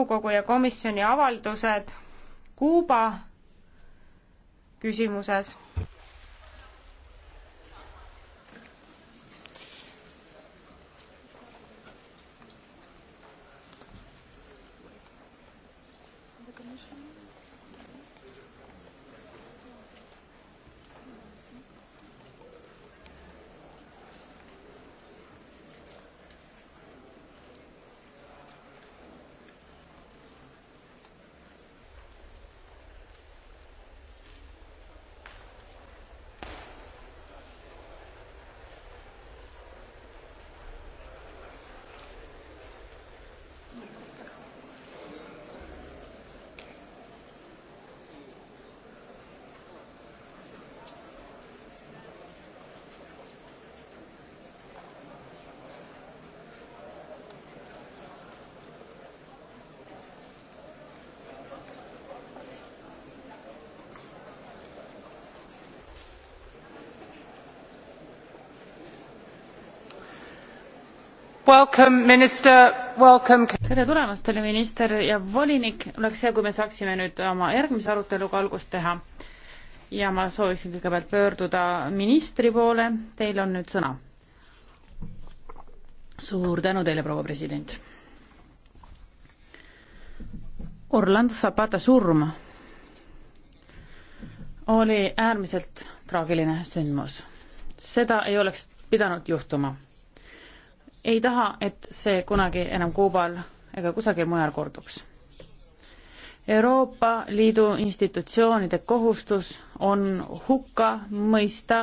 nõukogu ja komisjoni avaldused Kuuba küsimuses. Welcome, minister. Welcome. tere tulemast, oli minister ja volinik. oleks hea, kui me saaksime nüüd oma järgmise aruteluga algust teha. ja ma sooviksin kõigepealt pöörduda ministri poole. Teil on nüüd sõna. suur tänu teile, proua president. Orlando Zapata surm oli äärmiselt traagiline sündmus. seda ei oleks pidanud juhtuma ei taha, et see kunagi enam Kuubal ega kusagil mujal korduks. Euroopa Liidu institutsioonide kohustus on hukka mõista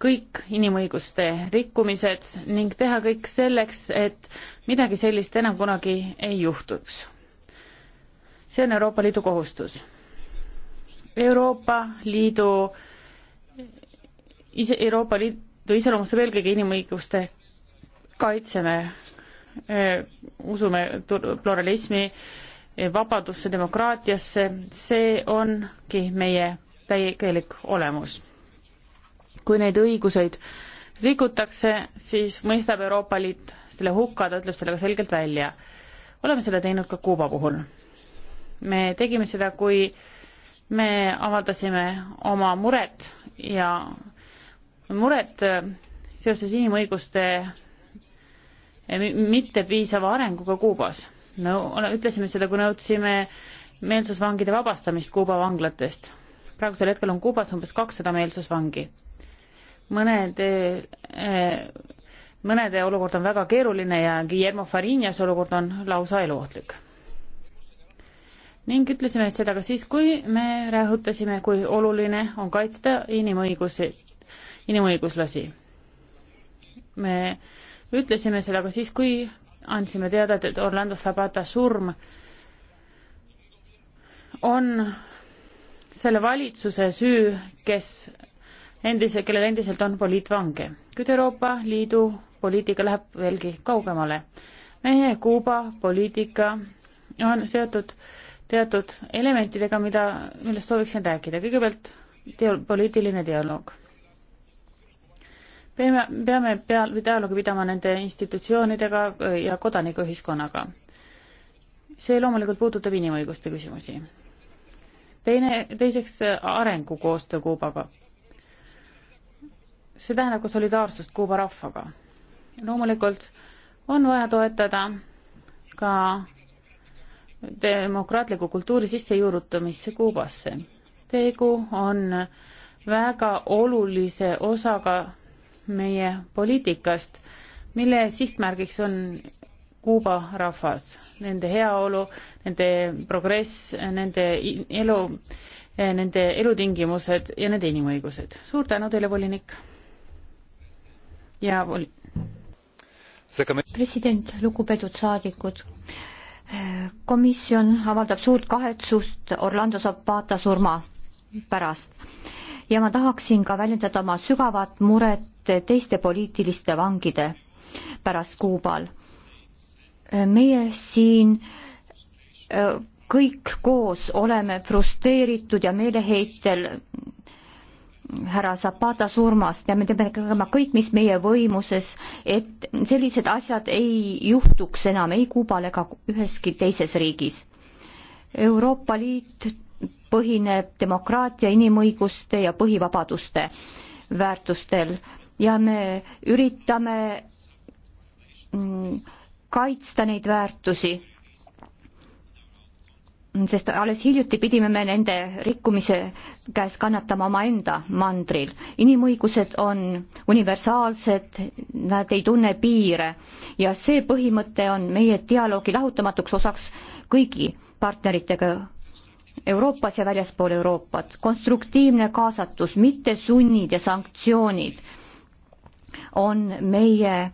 kõik inimõiguste rikkumised ning teha kõik selleks, et midagi sellist enam kunagi ei juhtuks. see on Euroopa Liidu kohustus. Euroopa Liidu, ise, Euroopa Liidu iseloomustab eelkõige inimõiguste kaitseme, eh, usume pluralismi, eh, vabadusse, demokraatiasse, see ongi meie täielik olemus. kui neid õiguseid rikutakse, siis mõistab Euroopa Liit selle hukka, ta ütleb selle ka selgelt välja. oleme seda teinud ka Kuuba puhul. me tegime seda, kui me avaldasime oma muret ja muret eh, seoses inimõiguste mitte piisava arenguga Kuubas. no ütlesime seda, kui nõudsime meelsusvangide vabastamist Kuuba vanglatest. praegusel hetkel on Kuubas umbes kakssada meelsusvangi. mõned eh, mõnede olukord on väga keeruline ja Guillermo Farinas olukord on lausa eluohtlik. ning ütlesime seda ka siis, kui me rõhutasime, kui oluline on kaitsta inimõigusi, inimõiguslasi. me ütlesime seda ka siis, kui andsime teada, et Orlando Zapata surm on selle valitsuse süü, kes endise, kellel endiselt on poliitvange. kuid Euroopa Liidu poliitika läheb veelgi kaugemale. meie Kuuba poliitika on seotud teatud elementidega, mida, millest sooviksin rääkida. kõigepealt teo-, poliitiline dialoog peame, peame peal, dialoogi pidama nende institutsioonidega ja kodanikuühiskonnaga. see loomulikult puudutab inimõiguste küsimusi. teine, teiseks arengukoostöö Kuubaga. see tähendab ka solidaarsust Kuuba rahvaga. loomulikult on vaja toetada ka demokraatliku kultuuri sissejuurutamisse Kuubasse. tegu on väga olulise osaga meie poliitikast, mille sihtmärgiks on Kuuba rahvas, nende heaolu, nende progress, nende elu, nende elutingimused ja nende inimõigused. suur tänu teile, volinik. ja vol-. president, lugupeetud saadikud, komisjon avaldab suurt kahetsust Orlando Zapata surma pärast ja ma tahaksin ka väljendada oma sügavat muret teiste poliitiliste vangide pärast Kuubal. meie siin äh, kõik koos oleme frustreeritud ja meeleheitel härra Zapata surmast ja me peame tegema kõik, mis meie võimuses, et sellised asjad ei juhtuks enam ei Kuubal ega üheski teises riigis. Euroopa Liit põhineb demokraatia, inimõiguste ja põhivabaduste väärtustel ja me üritame mm, kaitsta neid väärtusi, sest alles hiljuti pidime me nende rikkumise käes kannatama omaenda mandril. inimõigused on universaalsed, nad ei tunne piire ja see põhimõte on meie dialoogi lahutamatuks osaks kõigi partneritega Euroopas ja väljaspool Euroopat. konstruktiivne kaasatus, mitte sunnid ja sanktsioonid on meie eh,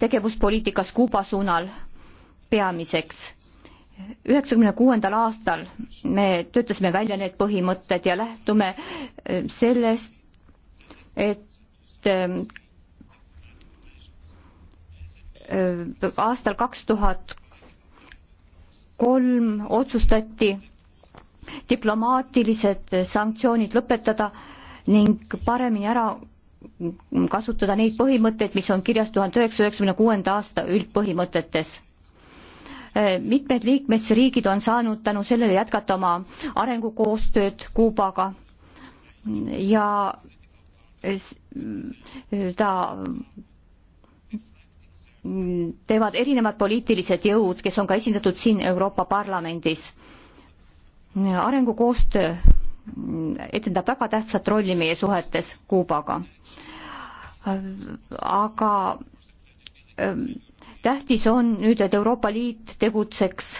tegevuspoliitikas Kuuba suunal peamiseks. üheksakümne kuuendal aastal me töötasime välja need põhimõtted ja lähtume eh, sellest, et eh, aastal kaks tuhat kolm otsustati diplomaatilised sanktsioonid lõpetada ning paremini ära kasutada neid põhimõtteid, mis on kirjas tuhande üheksasaja üheksakümne kuuenda aasta üldpõhimõtetes. mitmed liikmesriigid on saanud tänu sellele jätkata oma arengukoostööd Kuubaga ja ta teevad erinevad poliitilised jõud, kes on ka esindatud siin Euroopa Parlamendis. arengukoostöö etendab väga tähtsat rolli meie suhetes Kuubaga. aga ähm, tähtis on nüüd, et Euroopa Liit tegutseks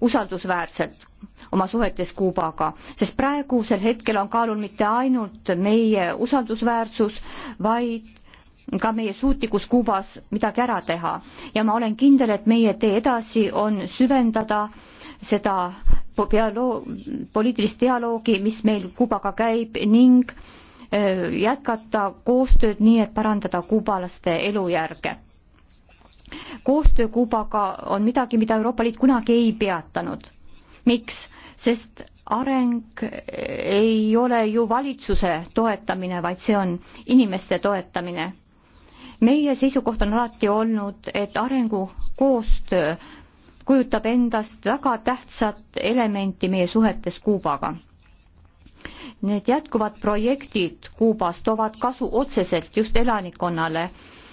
usaldusväärselt oma suhetes Kuubaga, sest praegusel hetkel on kaalul mitte ainult meie usaldusväärsus, vaid ka meie suutlikkus Kuubas midagi ära teha ja ma olen kindel, et meie tee edasi on süvendada seda dialoog, poliitilist dialoogi, mis meil Kubaga käib ning jätkata koostööd nii, et parandada kuubalaste elujärge. koostöö Kuubaga on midagi, mida Euroopa Liit kunagi ei peatanud. miks? sest areng ei ole ju valitsuse toetamine, vaid see on inimeste toetamine meie seisukoht on alati olnud, et arengukoostöö kujutab endast väga tähtsat elementi meie suhetes Kuubaga. Need jätkuvad projektid Kuubas toovad kasu otseselt just elanikkonnale,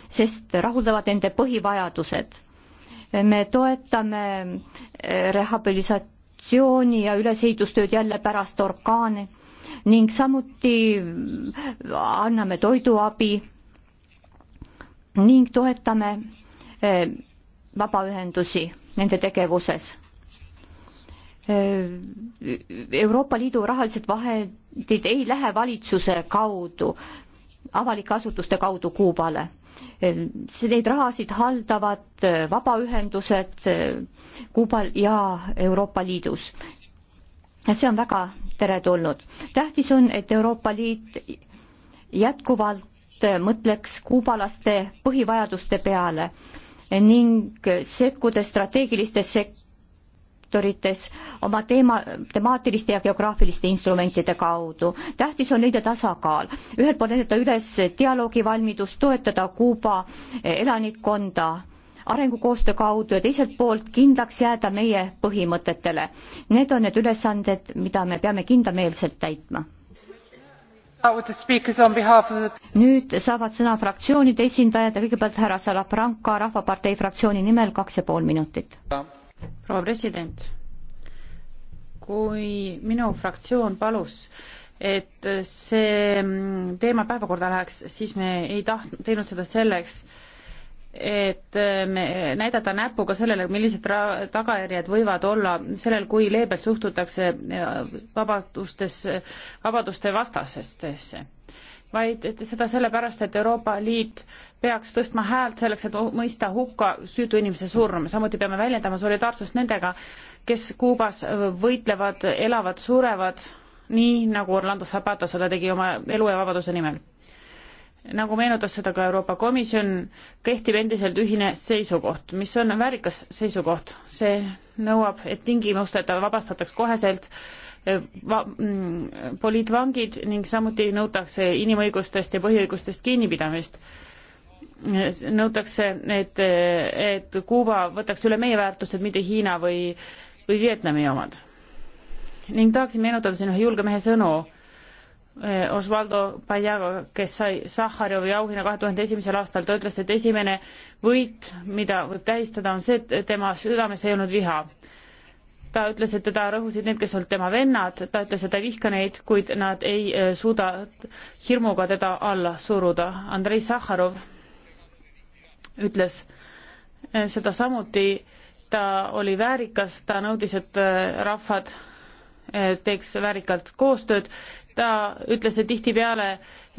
sest rahuldavad nende põhivajadused. me toetame eh, rehabilitatsiooni ja ülesehitustööd jälle pärast orkaane ning samuti eh, anname toiduabi ning toetame eh, vabaühendusi nende tegevuses. Euroopa Liidu rahalised vahendid ei lähe valitsuse kaudu, avalike asutuste kaudu Kuubale. Neid rahasid haldavad vabaühendused Kuubal ja Euroopa Liidus. see on väga teretulnud. tähtis on, et Euroopa Liit jätkuvalt mõtleks kuubalaste põhivajaduste peale ning sekkudes strateegilistes sektorites oma teema, temaatiliste ja geograafiliste instrumentide kaudu. tähtis on leida tasakaal, ühelt poolt näidata üles dialoogivalmidust, toetada Kuuba elanikkonda arengukoostöö kaudu ja teiselt poolt kindlaks jääda meie põhimõtetele. Need on need ülesanded, mida me peame kindlameelselt täitma nüüd saavad sõna fraktsioonide esindajad ja kõigepealt härra Salafranca Rahvapartei fraktsiooni nimel kaks ja pool minutit. proua president, kui minu fraktsioon palus et see teema päevakorda läheks, siis me ei taht-, teinud seda selleks, et äh, me näidata näpuga sellele, millised ra-, tagajärjed võivad olla sellel, kui leebelt suhtutakse äh, vabadustes, vabaduste vastasestesse. vaid et seda sellepärast, et Euroopa Liit peaks tõstma häält selleks, et mõista hukka süütu inimese surm, samuti peame väljendama solidaarsust nendega, kes Kuubas võitlevad, elavad, surevad, nii nagu Orlando Zapata seda tegi oma elu ja vabaduse nimel nagu meenutas seda ka Euroopa Komisjon, kehtib endiselt ühine seisukoht, mis on väärikas seisukoht. see nõuab, et tingimusteta vabastataks koheselt eh, va-, mm, poliitvangid ning samuti nõutakse inimõigustest ja põhiõigustest kinnipidamist. Eh, nõutakse, et, eh, et Kuuba võtaks üle meie väärtused, mitte Hiina või, või Vietnami omad. ning tahaksin meenutada siin ühe julge mehe sõnu Eh, Osvaldo Pallago, kes sai Sahharovi auhinna kahe tuhande esimesel aastal, ta ütles, et esimene võit, mida võib tähistada, on see, et tema südames ei olnud viha. ta ütles, et teda rõhusid need, kes olid tema vennad, ta ütles, et ta ei vihka neid, kuid nad ei eh, suuda hirmuga teda alla suruda. Andrei Sahharov ütles eh, seda samuti, ta oli väärikas, ta nõudis, et rahvad teeks väärikalt koostööd ta ütles, et tihtipeale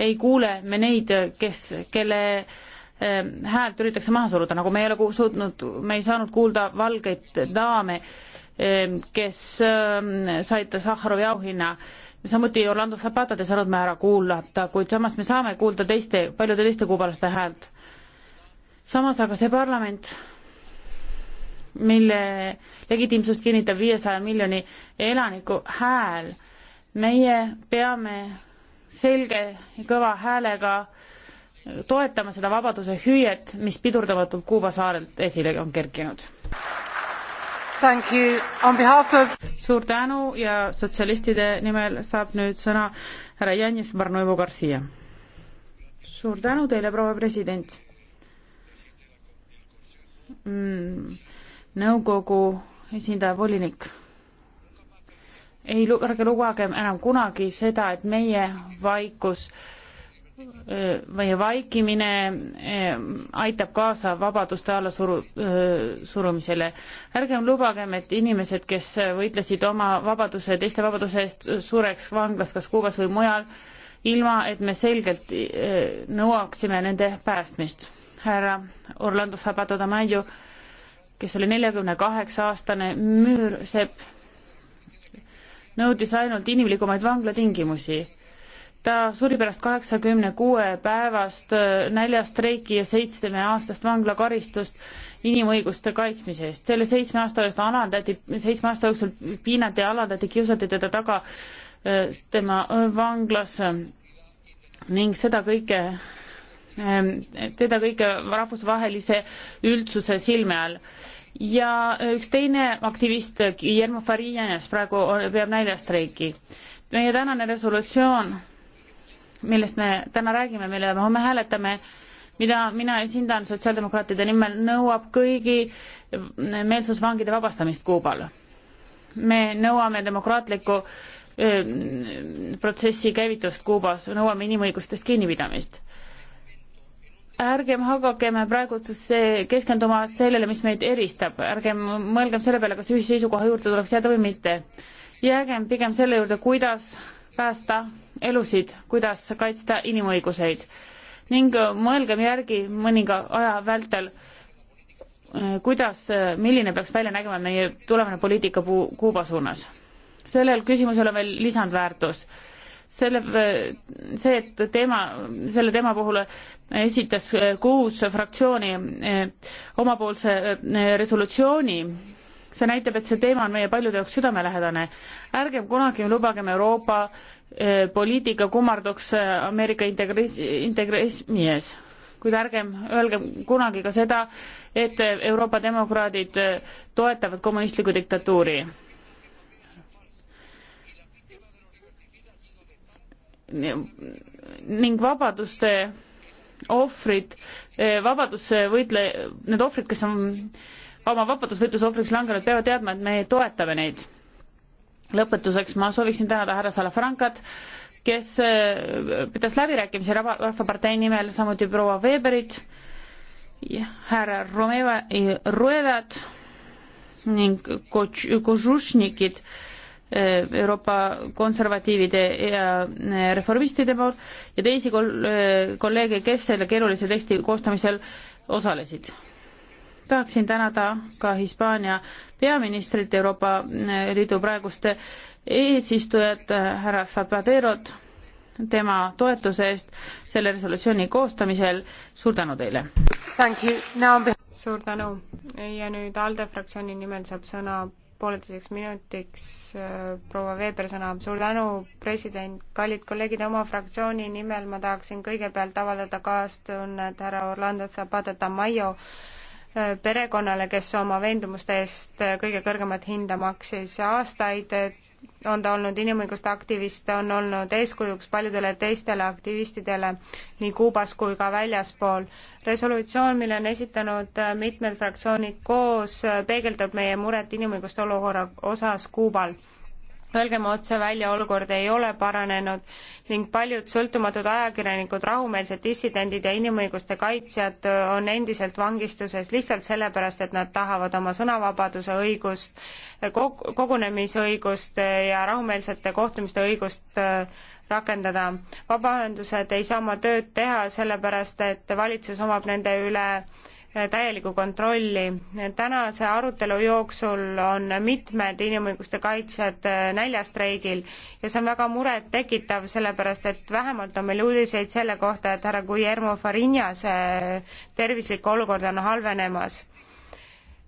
ei kuule me neid, kes, kelle ähm, häält üritatakse maha suruda, nagu me ei ole suutnud, me ei saanud kuulda valgeid daame, ähm, kes ähm, said Sahharovi auhinna. samuti Orlando Zapatat ei saanud me ära kuulata, kuid samas me saame kuulda teiste, paljude teiste kuubalaste häält. samas aga see parlament, mille legitiimsust kinnitab viiesaja miljoni elaniku hääl meie peame selge ja kõva häälega toetama seda vabaduse hüüet, mis pidurdamatult Kuuba saarelt esile on kerkinud. Of... suur tänu ja sotsialistide nimel saab nüüd sõna härra Janis Barnuevo Garcia. suur tänu teile, proua president mm,. nõukogu esindaja volinik ei, ärge lugegem enam kunagi seda, et meie vaikus meie vaikimine aitab kaasa vabaduste alla suru, surumisele. ärgem lubagem, et inimesed, kes võitlesid oma vabaduse, teiste vabaduse eest, sureks vanglas kas Kuubas või mujal, ilma et me selgelt nõuaksime nende päästmist. härra Orlando Sabato Tamayo, kes oli neljakümne kaheksa aastane müürsepp, nõudis ainult inimlikumaid vanglatingimusi. ta suri pärast kaheksakümne kuue päevast äh, näljastreiki ja seitsmeaastast vanglakaristust inimõiguste kaitsmise eest. selle seitsme aasta eest alandati, seitsme aasta jooksul piinati ja alandati, kiusati teda taga äh, tema äh, vanglas ning seda kõike ähm, teda kõige rahvusvahelise üldsuse silme all ja äh, üks teine aktivist, Guillermo Farias, praegu peab näljastreiki. meie tänane resolutsioon, millest me täna räägime, mille me homme hääletame, mida mina esindan sotsiaaldemokraatide nimel, nõuab kõigi meelsusvangide vabastamist Kuubal. me nõuame demokraatlikku äh, protsessi käivitust Kuubas, nõuame inimõigustest kinnipidamist ärgem hakakem praegu keskenduma sellele, mis meid eristab, ärgem mõelgem selle peale, kas ühisseisukoha juurde tuleks jääda või mitte. jäägem pigem selle juurde, kuidas päästa elusid, kuidas kaitsta inimõiguseid ning mõelgem järgi mõninga aja vältel, eh, kuidas, eh, milline peaks välja nägema meie tulevane poliitika Kuuba suunas. sellel küsimusel on veel lisandväärtus selle, see, et teema, selle teema puhul esitas kuus fraktsiooni eh, omapoolse eh, resolutsiooni, see näitab, et see teema on meie paljude jaoks südamelähedane. ärgem kunagi lubagem Euroopa eh, poliitika kummarduks Ameerika integris-, integrismi ees. kuid ärgem öelgem kunagi ka seda, et Euroopa demokraadid toetavad kommunistlikku diktatuuri ning vabaduste ohvrid, vabadusvõitle-, need ohvrid, kes on oma vabadusvõitluse ohvriks langenud, peavad teadma, et me toetame neid. lõpetuseks ma sooviksin tänada härra Salafrankat, kes äh, pidas läbirääkimisi Rahvapartei nimel, samuti proua Weberit, härra Romeva, Ruevat ning Kožušnikid, Eh, Euroopa konservatiivide ja eh, reformistide pool ja teisi eh, kolleege, kes selle keerulise teksti koostamisel osalesid. tahaksin tänada ka Hispaania peaministrit, Euroopa Liidu praegust eesistujat härra Zapaterot tema toetuse eest selle resolutsiooni koostamisel. suur tänu teile! suur tänu ja nüüd ALDE fraktsiooni nimel saab sõna pooleteiseks minutiks äh, proua Veeber sõna. suur tänu, president, kallid kolleegid, oma fraktsiooni nimel ma tahaksin kõigepealt avaldada kaastunnet härra Orlando Zapata Tamayo äh, perekonnale, kes oma veendumuste eest äh, kõige kõrgemat hinda maksis aastaid, et on ta olnud inimõiguste aktivist, on olnud eeskujuks paljudele teistele aktivistidele nii Kuubas kui ka väljaspool. resolutsioon, mille on esitanud äh, mitmed fraktsioonid koos, äh, peegeldab meie muret inimõiguste olukorra osas Kuubal öelgem otse välja, olukord ei ole paranenud ning paljud sõltumatud ajakirjanikud, rahumeelsed dissidendid ja inimõiguste kaitsjad on endiselt vangistuses lihtsalt sellepärast, et nad tahavad oma sõnavabaduse õigust, kogunemisõigust ja rahumeelsete kohtumiste õigust äh, rakendada. vabaühendused ei saa oma tööd teha, sellepärast et valitsus omab nende üle äh, täielikku kontrolli. tänase arutelu jooksul on mitmed inimõiguste kaitsjad äh, näljastreigil ja see on väga murettekitav, sellepärast et vähemalt on meil uudiseid selle kohta, et härra Guillermo Farinase äh, tervislik olukord on halvenemas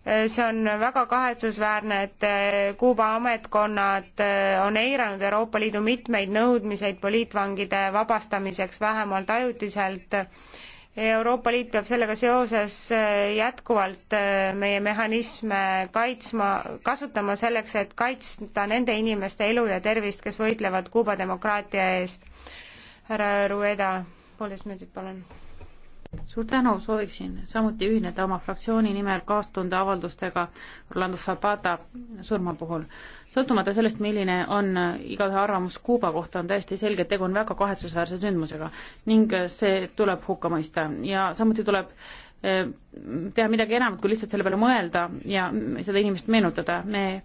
äh, see on väga kahetsusväärne, et Kuuba ametkonnad on eiranud Euroopa Liidu mitmeid nõudmiseid poliitvangide vabastamiseks vähemalt ajutiselt Euroopa Liit peab sellega seoses äh, jätkuvalt äh, meie mehhanisme kaitsma, kasutama selleks, et kaitsta nende inimeste elu ja tervist, kes võitlevad Kuuba demokraatia eest. härra Rueda, poolteist minutit, palun suur tänu, sooviksin samuti ühineda oma fraktsiooni nimel kaastunde avaldustega Orlando Zapata surma puhul. sõltumata sellest, milline on igaühe arvamus Kuuba kohta, on täiesti selge, et tegu on väga kahetsusväärse sündmusega ning see tuleb hukka mõista ja samuti tuleb eh, teha midagi enamat kui lihtsalt selle peale mõelda ja seda inimest meenutada. me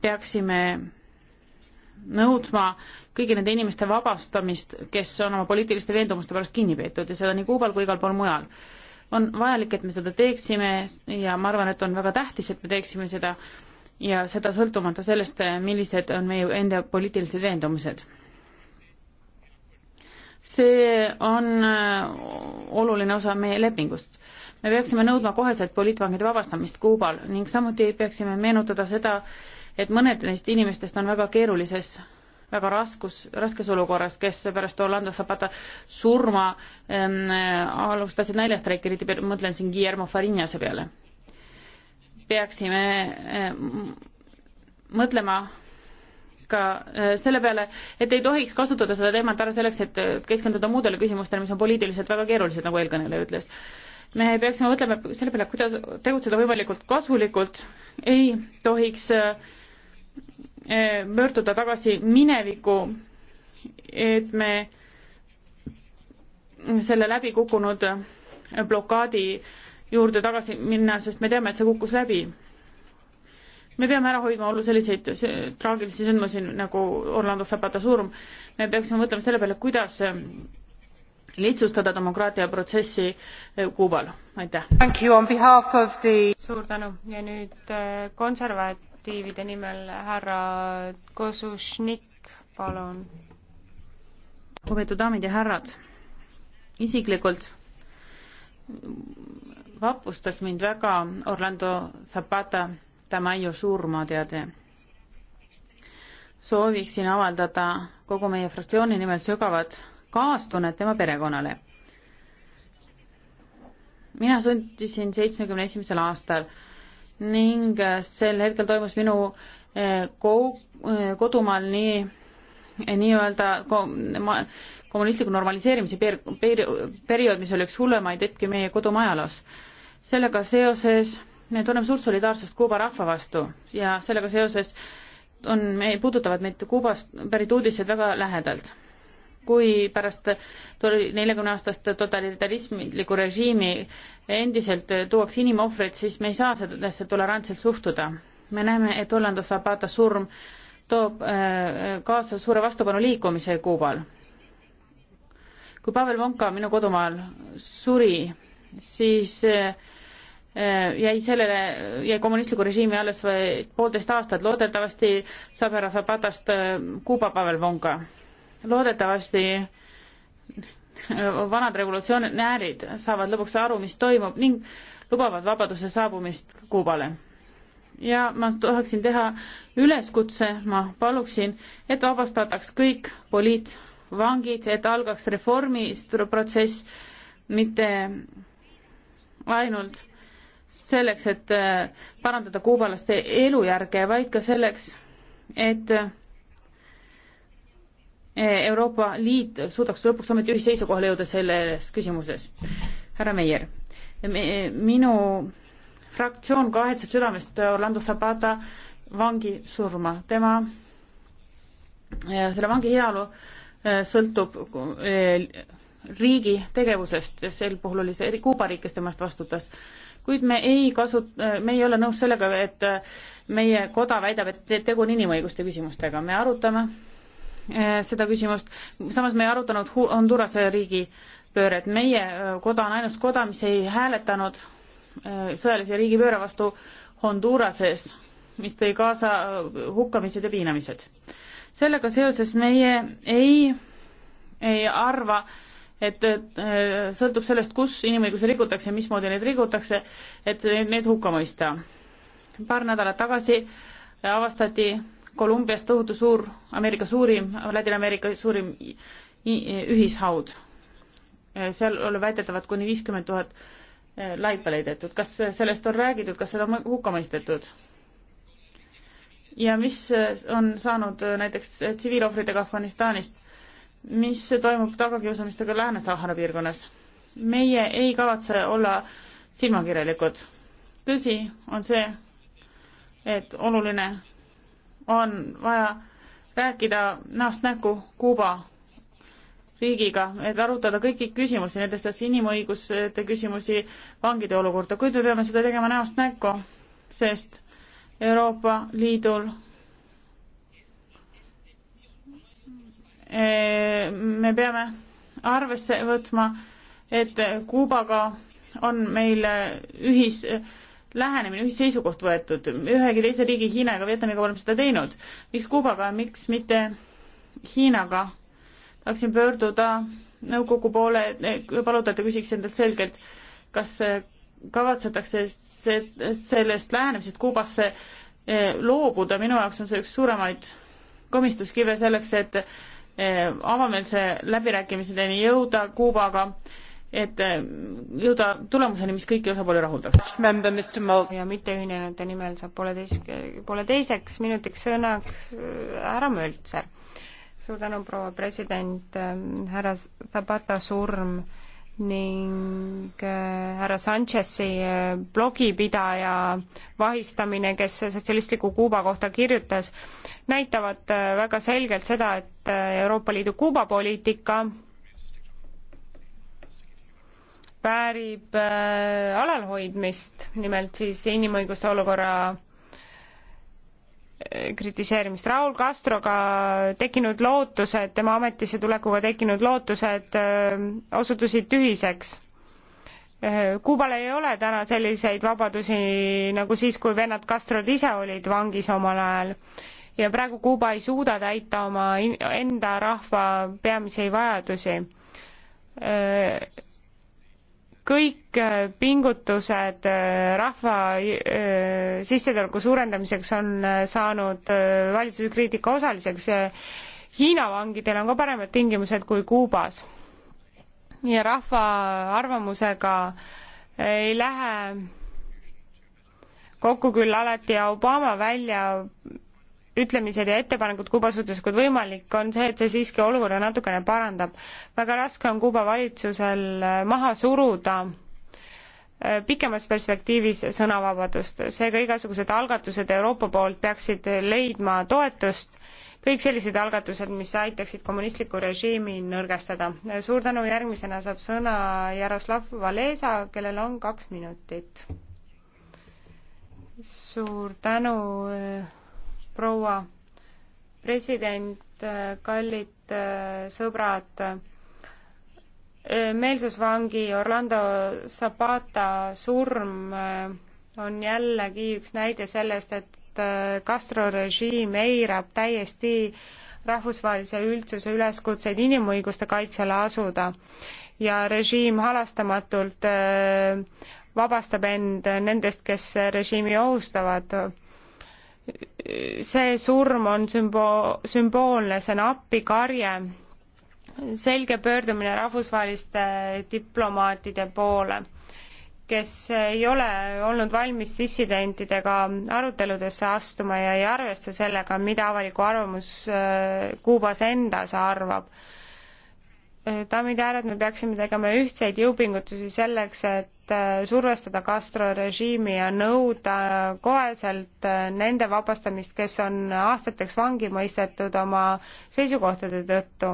peaksime nõudma kõigi nende inimeste vabastamist, kes on oma poliitiliste veendumuste pärast kinni peetud ja seda nii Kuubal kui igal pool mujal. on vajalik, et me seda teeksime ja ma arvan, et on väga tähtis, et me teeksime seda ja seda sõltumata sellest, millised on meie enda poliitilised veendumused. see on äh, oluline osa meie lepingust me peaksime nõudma koheselt poliitvangide vabastamist Kuubal ning samuti peaksime meenutada seda, et mõned neist inimestest on väga keerulises väga raskus, raskes olukorras, kes pärast Orlando Zapata surma ähm, alustasid näljastreiki, eriti mõtlen siin Guillermo Farinase peale. peaksime ähm, mõtlema ka äh, selle peale, et ei tohiks kasutada seda teemat ära selleks, et keskenduda muudele küsimustele, mis on poliitiliselt väga keerulised, nagu eelkõneleja ütles. me peaksime mõtlema selle peale, kuidas tegutseda võimalikult kasulikult, ei tohiks äh, Eh, pöörduda tagasi minevikku, et me selle läbikukkunud blokaadi juurde tagasi minna, sest me teame, et see kukkus läbi. me peame ära hoidma selliseid traagilisi sündmusi nagu Orlando Zapata surm. me peaksime mõtlema selle peale, kuidas lihtsustada demokraatia protsessi eh, Kuubal, aitäh. The... suur tänu ja nüüd eh, konservat-, konservatiivide nimel härra Kosušnik, palun. lugupeetud daamid ja härrad, isiklikult vapustas mind väga Orlando Zapata Tamayo surmateade. sooviksin avaldada kogu meie fraktsiooni nimel sügavat kaastunnet tema perekonnale. mina sündisin seitsmekümne esimesel aastal ning äh, sel hetkel toimus minu äh, äh, kodumaal nii, nii-öelda kommunistliku normaliseerimise per-, per-, periood, mis oli üks hullemaid hetki meie kodumaa ajaloos. sellega seoses me tunneme suurt solidaarsust Kuuba rahva vastu ja sellega seoses on, puudutavad meid Kuubast pärit uudised väga lähedalt kui pärast neljakümne aastast totalitarismiliku režiimi endiselt tuuakse inimohvreid, siis me ei saa sellesse tolerantselt suhtuda. me näeme, et Orlando Zapata surm toob äh, kaasa suure vastupanuliikumise Kuubal. kui Pavel Vonka minu kodumaal suri, siis äh, jäi sellele, jäi kommunistliku režiimi alles poolteist aastat, loodetavasti saab härra Zapatast äh, Kuuba Pavel Vonka loodetavasti äh, vanad revolutsionäärid saavad lõpuks aru, mis toimub ning lubavad vabaduse saabumist Kuubale. ja ma tahaksin teha üleskutse, ma paluksin, et vabastataks kõik poliitvangid, et algaks reformiprotsess, mitte ainult selleks, et äh, parandada kuubalaste elujärge, vaid ka selleks, et Euroopa Liit suudaks lõpuks ometi ühisseisukohale jõuda selles küsimuses. härra Meier, minu fraktsioon kahetseb südamest Orlando Zapata vangi surma, tema, selle vangi heaolu eh, sõltub eh, riigi tegevusest, sel puhul oli see Kuuba riik, kes temast vastutas. kuid me ei kasu-, me ei ole nõus sellega, et meie koda väidab, et tegu on inimõiguste küsimustega, me arutame Äh, seda küsimust, samas me ei arutanud Hondurase riigipööret, meie äh, koda on ainus koda, mis ei hääletanud äh, sõjalise riigipööre vastu Honduras'es, mis tõi kaasa hukkamised ja piinamised. sellega seoses meie ei, ei arva, et, et sõltub sellest, kus inimõigusi rikutakse, mismoodi neid rikutakse, et need hukka mõista. paar nädalat tagasi avastati Kolumbias tohutu suur, Ameerika suurim, Ladina-Ameerika suurim ühishaud. seal oli väidetavalt kuni viiskümmend tuhat eh, laipa leidetud, kas sellest on räägitud, kas seda on hukka mõistetud? ja mis eh, on saanud eh, näiteks tsiviilohvritega Afganistanist, mis toimub tagakiusamistega Lääne-Sahara piirkonnas? meie ei kavatse olla silmakirjalikud. tõsi on see, et oluline on vaja rääkida näost näkku Kuuba riigiga, et arutada kõiki küsimusi, nendest asjast inimõiguste küsimusi, vangide olukorda, kuid me peame seda tegema näost näkku, sest Euroopa Liidul eh, me peame arvesse võtma, et Kuubaga on meil ühis lähenemine, ühisseisukoht võetud, ühegi teise riigi, Hiina ega Vietnamiga oleme seda teinud. miks Kuubaga, miks mitte Hiinaga? tahaksin pöörduda nõukogu poole, eh, paluda, et ta küsiks endalt selgelt, kas eh, kavatsetakse sellest lähenemisest Kuubasse eh, loobuda, minu jaoks on see üks suuremaid komistuskive selleks, et avameelse läbirääkimiseni jõuda Kuubaga äh, et äh, jõuda tulemuseni, mis kõiki osapooli rahuldaks. ja mitteühinenute nimel saab pooleteis-, pooleteiseks minutiks sõnaks äh, härra Möltser. suur tänu, proua president, ähm, härra Zapata surm ning äh, härra Sanchez'i blogipidaja vahistamine, kes sotsialistliku Kuuba kohta kirjutas, näitavad väga selgelt seda, et Euroopa Liidu Kuuba poliitika väärib äh, alalhoidmist, nimelt siis inimõiguste olukorra äh, kritiseerimist. Raul Castroga tekkinud lootused, tema ametisse tulekuga tekkinud lootused öö, äh, osutusid tühiseks. Äh, Kuubal ei ole täna selliseid vabadusi nagu siis, kui vennad Castrod ise olid vangis omal ajal. ja praegu Kuuba ei suuda täita oma enda rahva peamisi vajadusi kõik äh, pingutused äh, rahva äh, sissetuleku suurendamiseks on saanud valitsuse kriitika osaliseks. Hiina vangidel on ka paremad tingimused kui Kuubas. ja rahva arvamusega ei lähe kokku küll alati Obama välja ütlemised ja ettepanekud Kuuba suhtes, kuid võimalik on see, et see siiski olukorda natukene parandab. väga raske on Kuuba valitsusel äh, maha suruda äh, pikemas perspektiivis sõnavabadust, seega igasugused algatused Euroopa poolt peaksid leidma toetust, kõik sellised algatused, mis aitaksid kommunistlikku režiimi nõrgestada. suur tänu, järgmisena saab sõna Jaroslav Valesa, kellel on kaks minutit. suur tänu äh, proua president, kallid äh, sõbrad, äh, meelsusvangi Orlando Zapata surm äh, on jällegi üks näide sellest, et Castro režiim eirab täiesti rahvusvahelise üldsuse üleskutseid inimõiguste kaitsele asuda ja režiim halastamatult vabastab end nendest, kes režiimi ohustavad see surm on sümbo-, sümboolne, see on appikarje, selge pöördumine rahvusvaheliste diplomaatide poole, kes ei ole olnud valmis dissidentidega aruteludesse astuma ja ei arvesta sellega, mida avaliku arvamus äh, Kuubas endas arvab Äh, daamid ja härrad, me peaksime tegema ühtseid jõupingutusi selleks, et äh, survestada Castro režiimi ja nõuda koheselt äh, nende vabastamist, kes on aastateks vangi mõistetud oma seisukohtade tõttu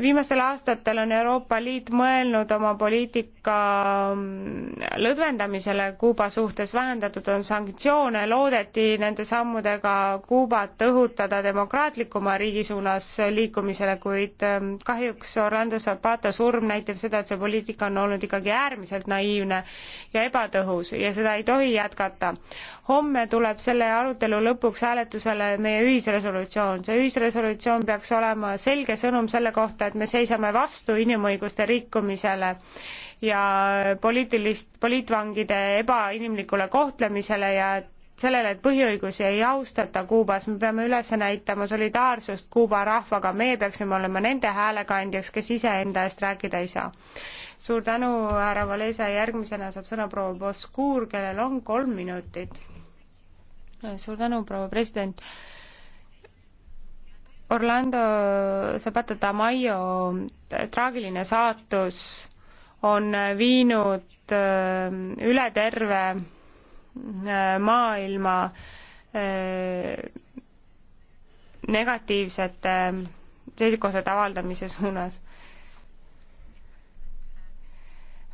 viimastel aastatel on Euroopa Liit mõelnud oma poliitika mm, lõdvendamisele Kuuba suhtes, vähendatud on sanktsioone, loodeti nende sammudega Kuubat õhutada demokraatlikuma riigi suunas liikumisele, kuid mm, kahjuks Orlando Zapata surm näitab seda, et see poliitika on olnud ikkagi äärmiselt naiivne ja ebatõhus ja seda ei tohi jätkata homme tuleb selle arutelu lõpuks hääletusele meie ühisresolutsioon. see ühisresolutsioon peaks olema selge sõnum selle kohta, et me seisame vastu inimõiguste rikkumisele ja poliitilist, poliitvangide ebainimlikule kohtlemisele ja sellele, et põhiõigusi ei austata Kuubas, me peame üles näitama solidaarsust Kuuba rahvaga, meie peaksime olema nende häälekandjaks, kes iseenda eest rääkida ei saa. suur tänu, härra Valesa, järgmisena saab sõna proua Boskuur, kellel on kolm minutit suur tänu, proua president. Orlando Zapata Tamayo traagiline saatus on viinud äh, üle terve äh, maailma äh, negatiivsete seisukohtade avaldamise suunas.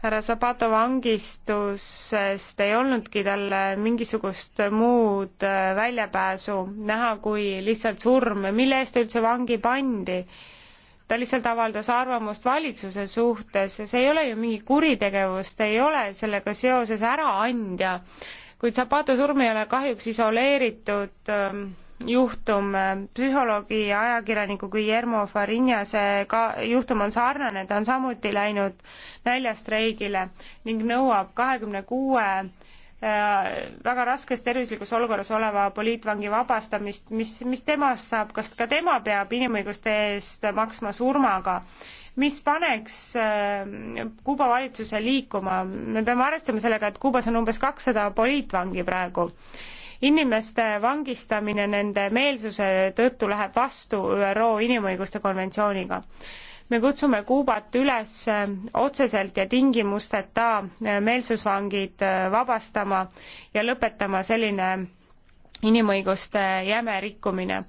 härra Zapato vangistusest ei olnudki tal mingisugust muud äh, väljapääsu näha kui lihtsalt surm, mille eest ta üldse vangi pandi. ta lihtsalt avaldas arvamust valitsuse suhtes, see ei ole ju mingi kuritegevus, ta ei ole sellega seoses äraandja, kuid Zapato surm ei ole kahjuks isoleeritud äh, juhtum, psühholoogi ja ajakirjaniku Guillermo Farinase ka juhtum on sarnane, ta on samuti läinud näljastreigile ning nõuab kahekümne kuue äh, väga raskes tervislikus olukorras oleva poliitvangi vabastamist, mis, mis temast saab, kas ka tema peab inimõiguste eest maksma surmaga? mis paneks äh, Kuuba valitsuse liikuma, me peame arvestama sellega, et Kuubas on umbes kakssada poliitvangi praegu inimeste vangistamine nende meelsuse tõttu läheb vastu ÜRO inimõiguste konventsiooniga. me kutsume Kuubat üles äh, otseselt ja tingimusteta äh, meelsusvangid äh, vabastama ja lõpetama selline inimõiguste jäme rikkumine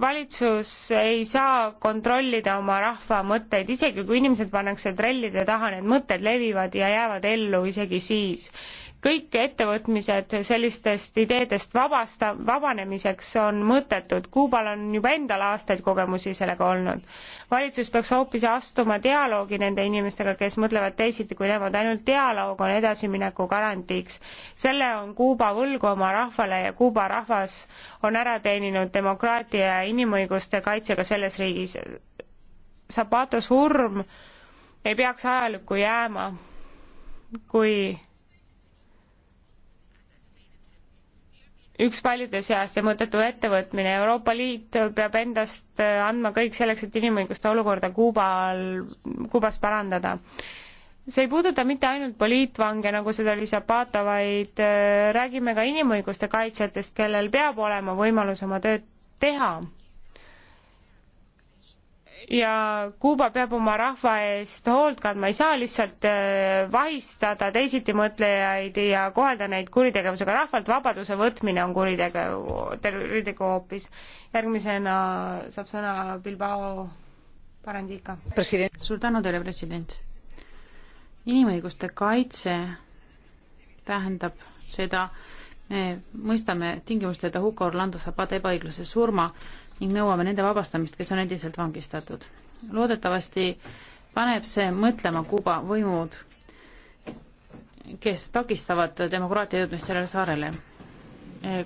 valitsus ei saa kontrollida oma rahva mõtteid, isegi kui inimesed pannakse trellide taha, need mõtted levivad ja jäävad ellu isegi siis kõik ettevõtmised sellistest ideedest vabasta, vabanemiseks on mõttetud. Kuubal on juba endal aastaid kogemusi sellega olnud. valitsus peaks hoopis astuma dialoogi nende inimestega, kes mõtlevad teisiti kui nemad, ainult dialoog on edasimineku garantiiks. selle on Kuuba võlgu oma rahvale ja Kuuba rahvas on ära teeninud demokraatia ja inimõiguste kaitsega selles riigis. Zapato surm ei peaks ajalukku jääma, kui üks paljude seast ja mõttetu ettevõtmine. Euroopa Liit peab endast äh, andma kõik selleks, et inimõiguste olukorda Kuubal, Kuubas parandada. see ei puuduta mitte ainult poliitvange, nagu seda oli Zapata, vaid äh, räägime ka inimõiguste kaitsjatest, kellel peab olema võimalus oma tööd teha ja Kuuba peab oma rahva eest hoolt kandma, ei saa lihtsalt äh, vahistada teisitimõtlejaid ja kohelda neid kuritegevusega, rahvalt vabaduse võtmine on kuritegu, kuritegu hoopis. järgmisena saab sõna Bilbao Barandica. suur tänu teile, president. inimõiguste kaitse tähendab seda, me mõistame tingimusteta hukka Orlando Zapata ebaõiglase surma ning nõuame nende vabastamist, kes on endiselt vangistatud. loodetavasti paneb see mõtlema Kuuba võimud, kes takistavad demokraatia jõudmist sellele saarele.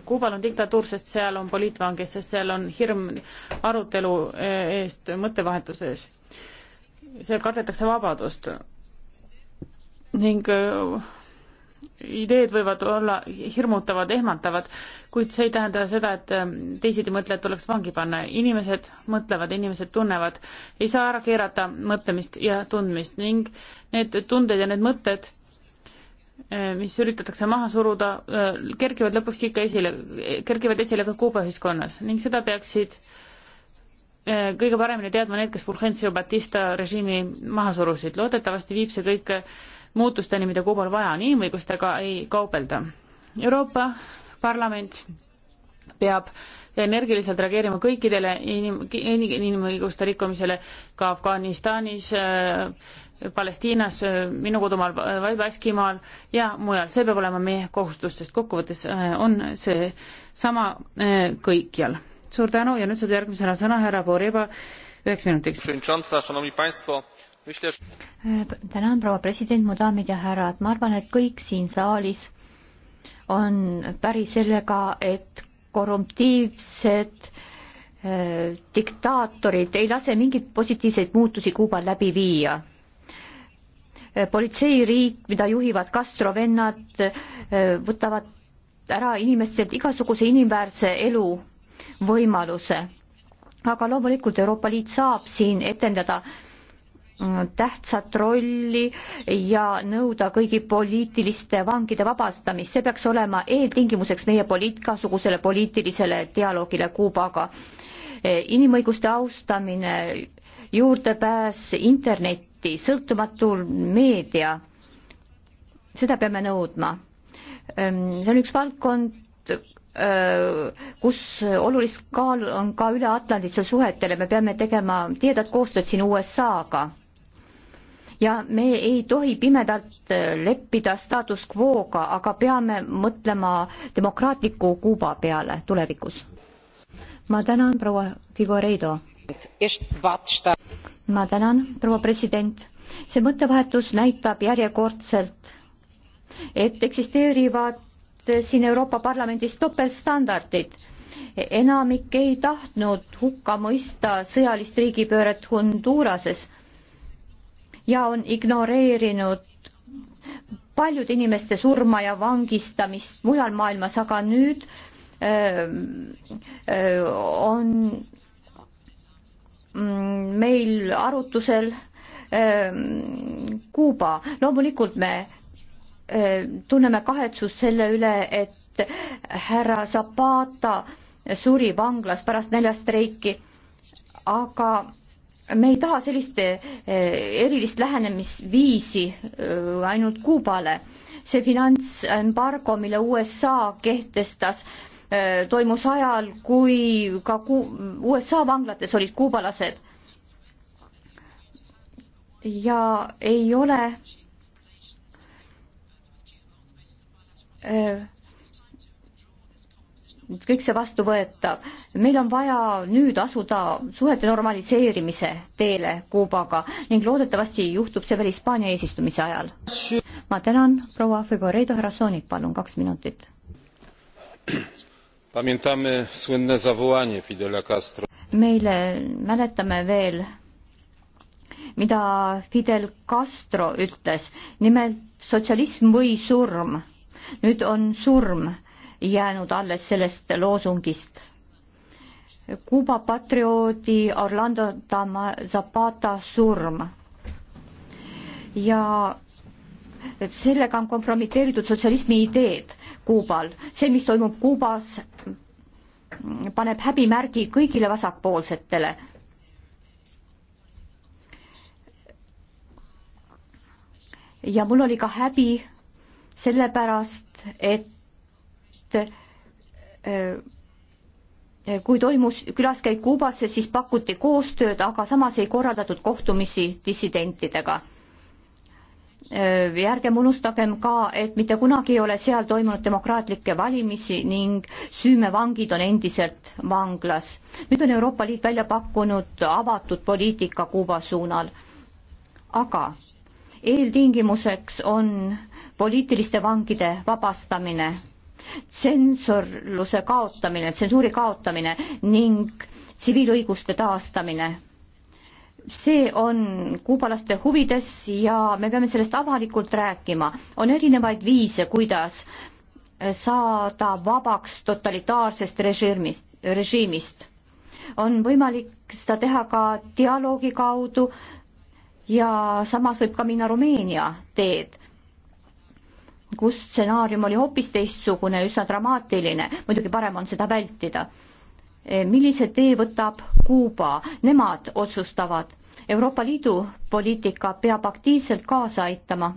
Kuubal on diktatuur, sest seal on poliitvangid, sest seal on hirm arutelu e, eest mõttevahetuses. seal kardetakse vabadust ning ideed võivad olla hirmutavad, ehmatavad, kuid see ei tähenda seda, et ähm, teisiti mõtlejad tuleks vangi panna. inimesed mõtlevad, inimesed tunnevad, ei saa ära keerata mõtlemist ja tundmist ning need tunded ja need mõtted, äh, mis üritatakse maha suruda, äh, kerkivad lõpuks ikka esile, kerkivad esile ka Kuuba ühiskonnas ning seda peaksid äh, kõige paremini teadma need, kes Fulgencio Batista režiimi maha surusid. loodetavasti viib see kõik muutusteni, mida Kuubal vaja on, inimõigustega ei kaubelda. Euroopa Parlament peab energiliselt reageerima kõikidele inim-, inimõiguste rikkumisele ka Afganistanis äh,, Palestiinas äh,, minu kodumaal äh,, Baskimaal ja mujal, see peab olema meie kohustus, sest kokkuvõttes äh, on see sama äh, kõikjal. suur tänu ja nüüd saab järgmisena sõna härra Poreba üheks minutiks tänan, proua president, mu daamid ja härrad, ma arvan, et kõik siin saalis on päri sellega, et korruptiivsed äh, diktaatorid ei lase mingeid positiivseid muutusi Kuubal läbi viia äh, politseiriik, mida juhivad Castro vennad, äh, võtavad ära inimestelt igasuguse inimväärse elu võimaluse. aga loomulikult Euroopa Liit saab siin etendada äh, tähtsat rolli ja nõuda kõigi poliitiliste vangide vabastamist, see peaks olema eeltingimuseks meie poliit-, igasugusele poliitilisele dialoogile Kuubaga. E, inimõiguste austamine, juurdepääs internetti, sõltumatul meedia, seda peame nõudma. E, see on üks valdkond, e, kus olulist kaalu on ka üleatlandisse suhetele, me peame tegema tihedat koostööd siin USA-ga ja me ei tohi pimedalt leppida status quo'ga, aga peame mõtlema demokraatliku Kuuba peale tulevikus. ma tänan, proua Figueiredo. ma tänan, proua president. see mõttevahetus näitab järjekordselt, et eksisteerivad siin Euroopa Parlamendis topeltstandardid enamik ei tahtnud hukka mõista sõjalist riigipööret Honduras'es ja on ignoreerinud paljude inimeste surma ja vangistamist mujal maailmas, aga nüüd öö, äh, öö, äh, on mm, meil arutusel ähm, Kuuba. loomulikult me öö, äh, tunneme kahetsust selle üle, et härra Zapata suri vanglas pärast näljastreiki, aga me ei taha sellist eh, erilist lähenemisviisi eh, ainult Kuubale. see finantsembargo, mille USA kehtestas, eh, toimus ajal, kui ka USA vanglates olid kuubalased. ja ei ole äh, kõik see vastuvõetav. meil on vaja nüüd asuda suhete normaliseerimise teele Kuubaga ning loodetavasti juhtub see veel Hispaania eesistumise ajal. ma tänan, proua Figueiredo, härra Soonik, palun kaks minutit. meile mäletame veel, mida Fidel Castro ütles, nimelt sotsialism või surm. nüüd on surm jäänud alles sellest loosungist. Kuuba patrioodi Orlando Zapata surm ja sellega on kompromiteeritud sotsialismi ideed Kuubal. see, mis toimub Kuubas, paneb häbimärgi kõigile vasakpoolsetele. ja mul oli ka häbi sellepärast, et et äh, kui toimus külaskäik Kuubasse, siis pakuti koostööd, aga samas ei korraldatud kohtumisi dissidentidega. ja äh, ärgem unustagem ka, et mitte kunagi ei ole seal toimunud demokraatlikke valimisi ning süümevangid on endiselt vanglas. nüüd on Euroopa Liit välja pakkunud avatud poliitika Kuuba suunal. aga eeltingimuseks on poliitiliste vangide vabastamine tsensorluse kaotamine, tsensuuri kaotamine ning tsiviilõiguste taastamine. see on kuubalaste huvides ja me peame sellest avalikult rääkima. on erinevaid viise, kuidas saada vabaks totalitaarsest režiimist, režiimist. on võimalik seda teha ka dialoogi kaudu ja samas võib ka minna Rumeenia teed kus stsenaarium oli hoopis teistsugune, üsna dramaatiline, muidugi parem on seda vältida. millise tee võtab Kuuba, nemad otsustavad. Euroopa Liidu poliitika peab aktiivselt kaasa aitama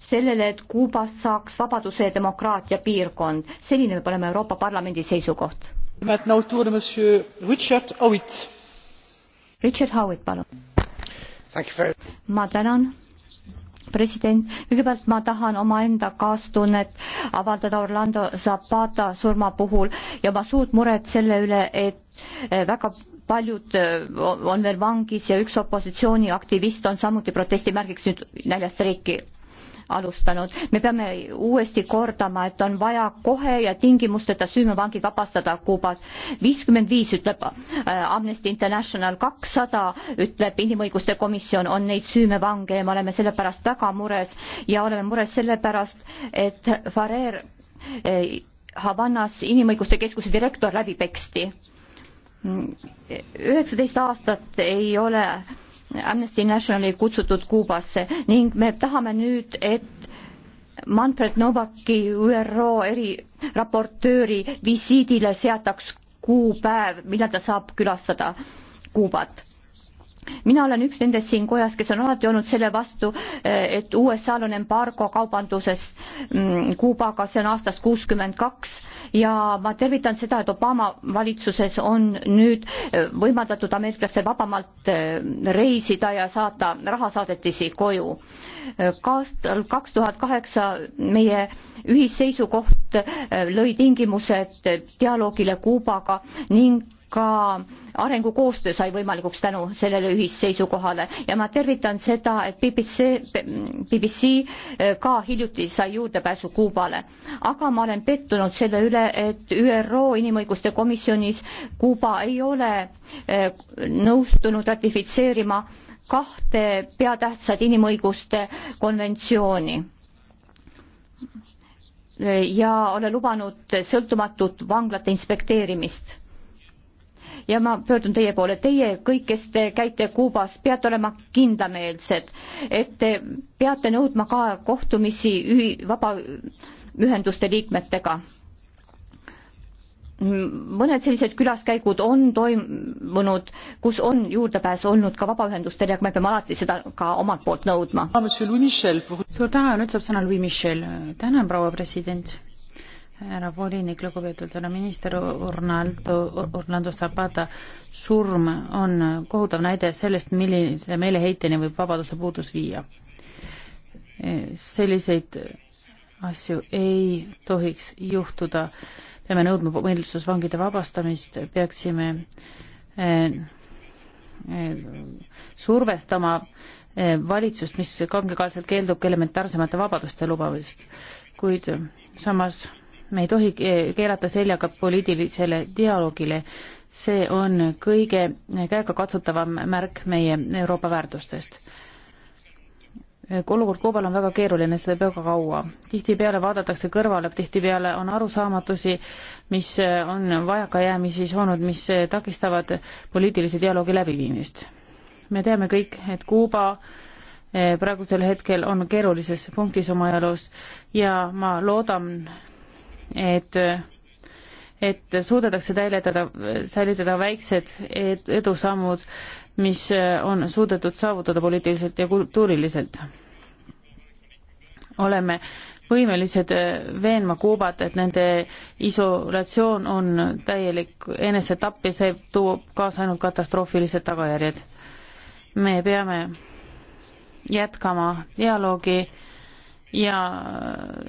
sellele, et Kuubast saaks vabaduse ja demokraatia piirkond. selline peab olema Euroopa Parlamendi seisukoht. Richard Howitt, palun. ma tänan president, kõigepealt ma tahan omaenda kaastunnet avaldada Orlando Zapata surma puhul ja ma suurt muret selle üle, et eh, väga paljud eh, on veel vangis ja üks opositsiooniaktivist on samuti protestimärgiks nüüd näljast riiki alustanud. me peame uuesti kordama, et on vaja kohe ja tingimusteta süümevangid vabastada Kuubas. viiskümmend viis ütleb äh, Amnesty International, kakssada ütleb Inimõiguste Komisjon on neid süümevange ja me oleme selle pärast väga mures ja oleme mures selle pärast, et Farer äh, Havannas Inimõiguste Keskuse direktor läbi peksti. Mm, üheksateist aastat ei ole Amnesty Internationali kutsutud Kuubasse ning me tahame nüüd, et Manfred Novaki ÜRO eriraportööri visiidile seataks kuupäev, millal ta saab külastada Kuubat mina olen üks nendest siin kojas, kes on alati olnud selle vastu, eh, et USA-l on embargo kaubanduses mm, Kuubaga, see on aastast kuuskümmend kaks ja ma tervitan seda, et Obama valitsuses on nüüd eh, võimaldatud ameeriklastel vabamalt eh, reisida ja saata rahasaadetisi koju. aastal kaks tuhat kaheksa meie ühisseisukoht lõi tingimused dialoogile Kuubaga ning ka arengukoostöö sai võimalikuks tänu sellele ühisseisukohale ja ma tervitan seda, et BBC, BBC eh, ka hiljuti sai juurdepääsu Kuubale. aga ma olen pettunud selle üle, et ÜRO Inimõiguste Komisjonis Kuuba ei ole eh, nõustunud ratifitseerima kahte peatähtsat inimõiguste konventsiooni ja olen lubanud sõltumatut vanglate inspekteerimist ja ma pöördun teie poole, teie kõik, kes te käite Kuubas, peate olema kindlameelsed, et te peate nõudma ka kohtumisi ühi-, vabaühenduste liikmetega mõned sellised külaskäigud on toimunud, kus on juurdepääs olnud ka vabaühendustele ja me peame alati seda ka omalt poolt nõudma. Ah, suur tänu, nüüd saab sõna Louis Michel. tänan, proua president härra volinik, lugupeetud härra minister Ornaldo, Orlando Zapata surm on kohutav näide sellest, millise meeleheiteni võib vabaduse puudus viia. selliseid asju ei tohiks juhtuda. peame nõudma meelsusvangide vabastamist, peaksime eh, eh, survestama eh, valitsust, mis kangekaelselt keeldub elementaarsemate vabaduste lubamist, kuid samas me ei tohi keelata seljaga poliitilisele dialoogile. see on kõige käegakatsutavam märk meie Euroopa väärtustest. olukord Kuubal on väga keeruline, seda ei pea ka kaua. tihtipeale vaadatakse kõrvale, tihtipeale on arusaamatusi, mis on vajakajäämisi saanud, mis takistavad poliitilise dialoogi läbiviimist. me teame kõik, et Kuuba eh, praegusel hetkel on keerulises punktis oma ajaloos ja ma loodan et et suudetakse täidetada, säilitada väiksed edusammud, mis on suudetud saavutada poliitiliselt ja kultuuriliselt. oleme võimelised veenma Kuubat, et nende isolatsioon on täielik enesetapp ja see toob kaasa ainult katastroofilised tagajärjed. me peame jätkama dialoogi ja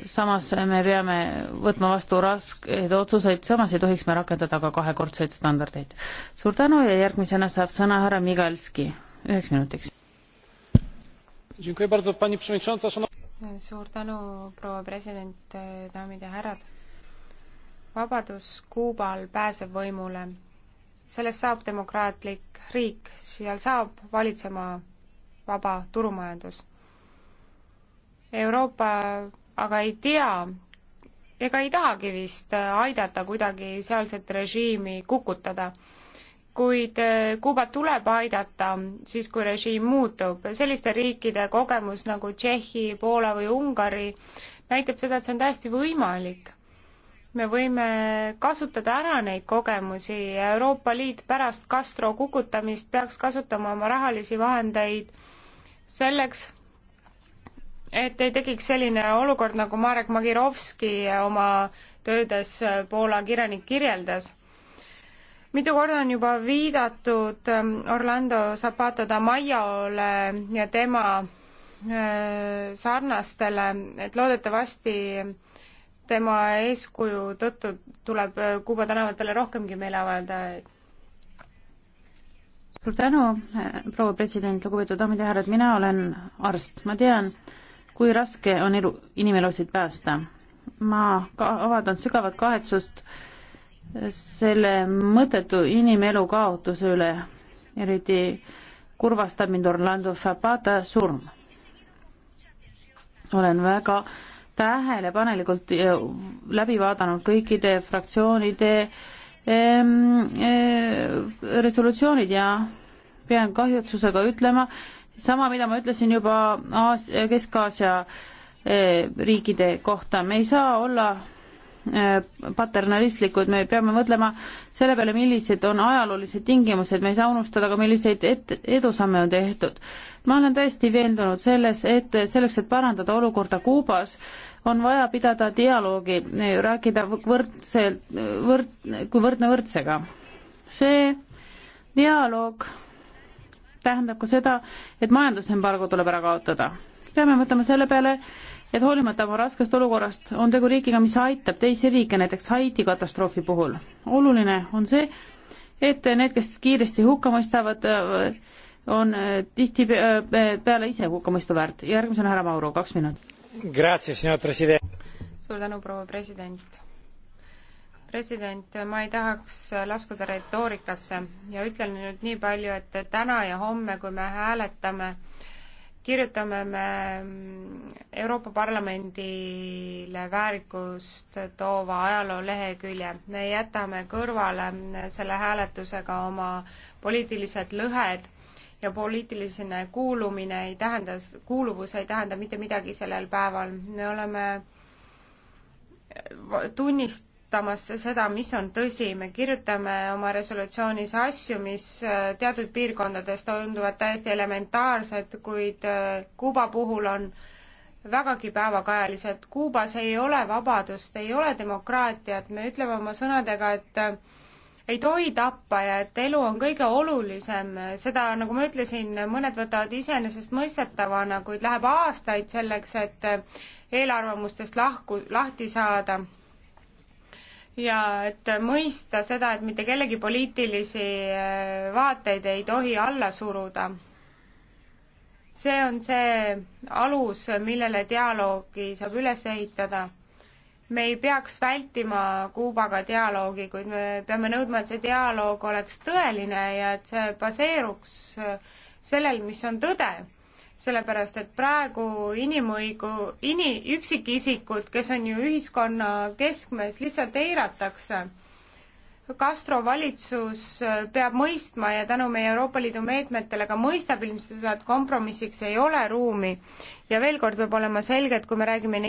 samas me peame võtma vastu raskeid otsuseid, samas ei tohiks me rakendada ka kahekordseid standardeid. suur tänu ja järgmisena saab sõna härra Migalski, üheks minutiks. suur tänu, proua president, daamid ja härrad. vabadus Kuubal pääseb võimule. sellest saab demokraatlik riik, seal saab valitsema vaba turumajandus Euroopa aga ei tea ega ei tahagi vist aidata kuidagi sealset režiimi kukutada. kuid äh, Kuubat tuleb aidata siis, kui režiim muutub. selliste riikide kogemus nagu Tšehhi, Poola või Ungari näitab seda, et see on täiesti võimalik me võime kasutada ära neid kogemusi ja Euroopa Liit pärast Castro kukutamist peaks kasutama oma rahalisi vahendeid selleks, et ei tekiks selline olukord, nagu Marek Magirovski oma töödes Poola kirjanik kirjeldas. mitu korda on juba viidatud ähm, Orlando Zapata da Maiole ja tema äh, sarnastele, et loodetavasti tema eeskuju tõttu tuleb äh, Kuuba tänavatele rohkemgi meeleavaldajaid. suur tänu, äh, proua president, lugupeetud daamid ja härrad, mina olen arst, ma tean, kui raske on elu, inimelusid päästa. ma ka avaldan sügavat kahetsust selle mõttetu inimelu kaotuse üle, eriti kurvastab mind Orlando Zapata surm. olen väga tähelepanelikult läbi vaadanud kõikide fraktsioonide resolutsioonid ja pean kahjutsusega ütlema, sama, mida ma ütlesin juba Aas-, Kesk-Aasia e, riikide kohta, me ei saa olla e, paternalistlikud, me peame mõtlema selle peale, millised on ajaloolised tingimused, me ei saa unustada ka, milliseid et-, edusamme on tehtud. ma olen täiesti veendunud selles, et selleks, et parandada olukorda Kuubas, on vaja pidada dialoogi, e, rääkida võrdse, võrd-, kui võrdne võrdsega. see dialoog tähendab ka seda, et majandusembargo tuleb ära kaotada. peame mõtlema selle peale, et hoolimata oma raskest olukorrast on tegu riigiga, mis aitab teisi riike, näiteks Haiti katastroofi puhul. oluline on see, et need, kes kiiresti hukka mõistavad, on tihtipeale ise hukkamõistu väärt. järgmisena härra Mauro, kaks minutit. suur tänu, proua president president, ma ei tahaks laskuda retoorikasse ja ütlen nüüd nii palju, et täna ja homme, kui me hääletame, kirjutame me Euroopa Parlamendile väärikust toova ajaloo lehekülje. me jätame kõrvale selle hääletusega oma poliitilised lõhed ja poliitiline kuulumine ei tähenda, kuuluvus ei tähenda mitte midagi sellel päeval. me oleme tunnist-, kirjutamas seda, mis on tõsi, me kirjutame oma resolutsioonis asju, mis äh, teatud piirkondades tunduvad täiesti elementaarsed, kuid äh, Kuuba puhul on vägagi päevakajalised. Kuubas ei ole vabadust, ei ole demokraatiat, me ütleme oma sõnadega, et äh, ei tohi tappa ja et elu on kõige olulisem, seda, nagu ma ütlesin, mõned võtavad iseenesestmõistetavana, kuid läheb aastaid selleks, et eelarvamustest lahku, lahti saada ja et mõista seda, et mitte kellegi poliitilisi äh, vaateid ei tohi alla suruda. see on see alus, millele dialoogi saab üles ehitada. me ei peaks vältima Kuubaga dialoogi, kuid me peame nõudma, et see dialoog oleks tõeline ja et see baseeruks äh, sellel, mis on tõde sellepärast et praegu inimõigu-, ini-, üksikisikud, kes on ju ühiskonna keskmes, lihtsalt eiratakse. Castro valitsus äh, peab mõistma ja tänu meie Euroopa Liidu meetmetele ka mõistab ilmselt seda, et kompromissiks ei ole ruumi. ja veel kord peab olema selge, et kui me räägime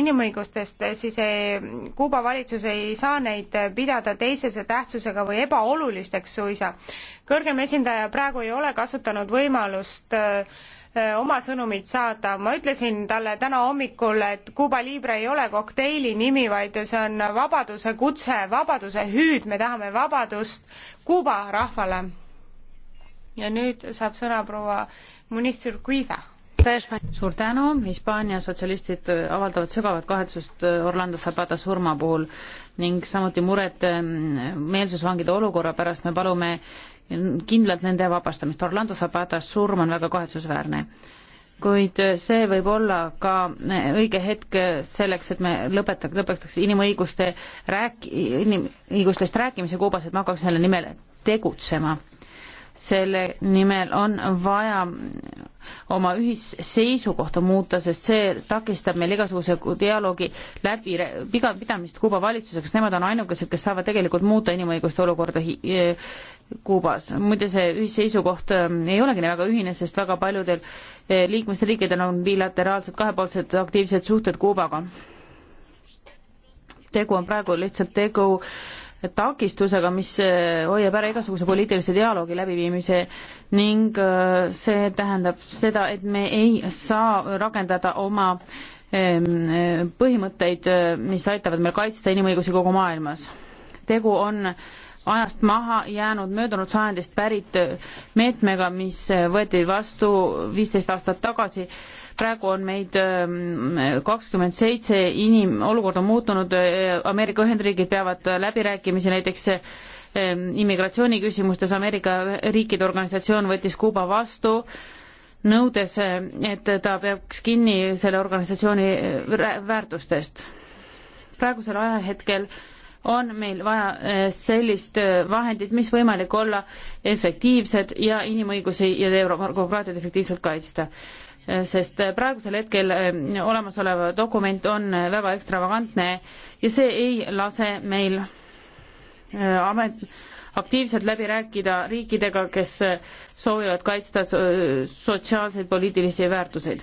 inimõigustest, äh, siis ei, äh, Kuuba valitsus ei saa neid pidada teisese tähtsusega või ebaolulisteks suisa. kõrgem esindaja praegu ei ole kasutanud võimalust äh, Eh, oma sõnumit saada. ma ütlesin talle täna hommikul, et Cuba Libre ei ole kokteili nimi, vaid see on vabaduse kutse, vabaduse hüüd, me tahame vabadust Kuuba rahvale. ja nüüd saab sõna proua Muniz Urquiza suur tänu, Hispaania sotsialistid avaldavad sügavat kahetsust Orlando Zapata surma puhul ning samuti muret meelsusvangide olukorra pärast, me palume kindlalt nende vabastamist. Orlando Zapata surm on väga kahetsusväärne. kuid see võib olla ka õige hetk selleks, et me lõpeta-, lõpetaks inimõiguste rääk-, inimõigustest rääkimise Kuubas, et me hakkaks selle nimel tegutsema selle nimel on vaja oma ühisseisukohta muuta, sest see takistab meil igasuguse dialoogi läbi, pidamist Kuuba valitsusega, sest nemad on ainukesed, kes saavad tegelikult muuta inimõiguste olukorda eh, Kuubas. muide, see ühisseisukoht ähm, ei olegi väga ühine, sest väga paljudel eh, liikmesriikidel on bilateraalsed kahepoolsed aktiivsed suhted Kuubaga. tegu on praegu lihtsalt tegu äh, takistusega, mis eh, hoiab ära igasuguse poliitilise dialoogi läbiviimise ning eh, see tähendab seda, et me ei saa rakendada oma eh, põhimõtteid, mis aitavad meil kaitsta inimõigusi kogu maailmas. tegu on ajast maha jäänud möödunud sajandist pärit meetmega, mis võeti vastu viisteist aastat tagasi praegu on meid ähm, kakskümmend seitse inim-, olukord on muutunud, äh, Ameerika Ühendriigid peavad läbirääkimisi näiteks ähm, immigratsiooniküsimustes, Ameerika riikide organisatsioon võttis Kuuba vastu, nõudes, et ta peaks kinni selle organisatsiooni äh, väärtustest. praegusel ajahetkel on meil vaja äh, sellist vahendit, mis võimalik olla efektiivsed ja inimõigusi ja eurokraatiat efektiivselt kaitsta sest praegusel hetkel eh, olemasolev dokument on väga ekstravagantne ja see ei lase meil eh, amet, aktiivselt läbi rääkida riikidega, kes eh, soovivad kaitsta sotsiaalseid poliitilisi väärtuseid.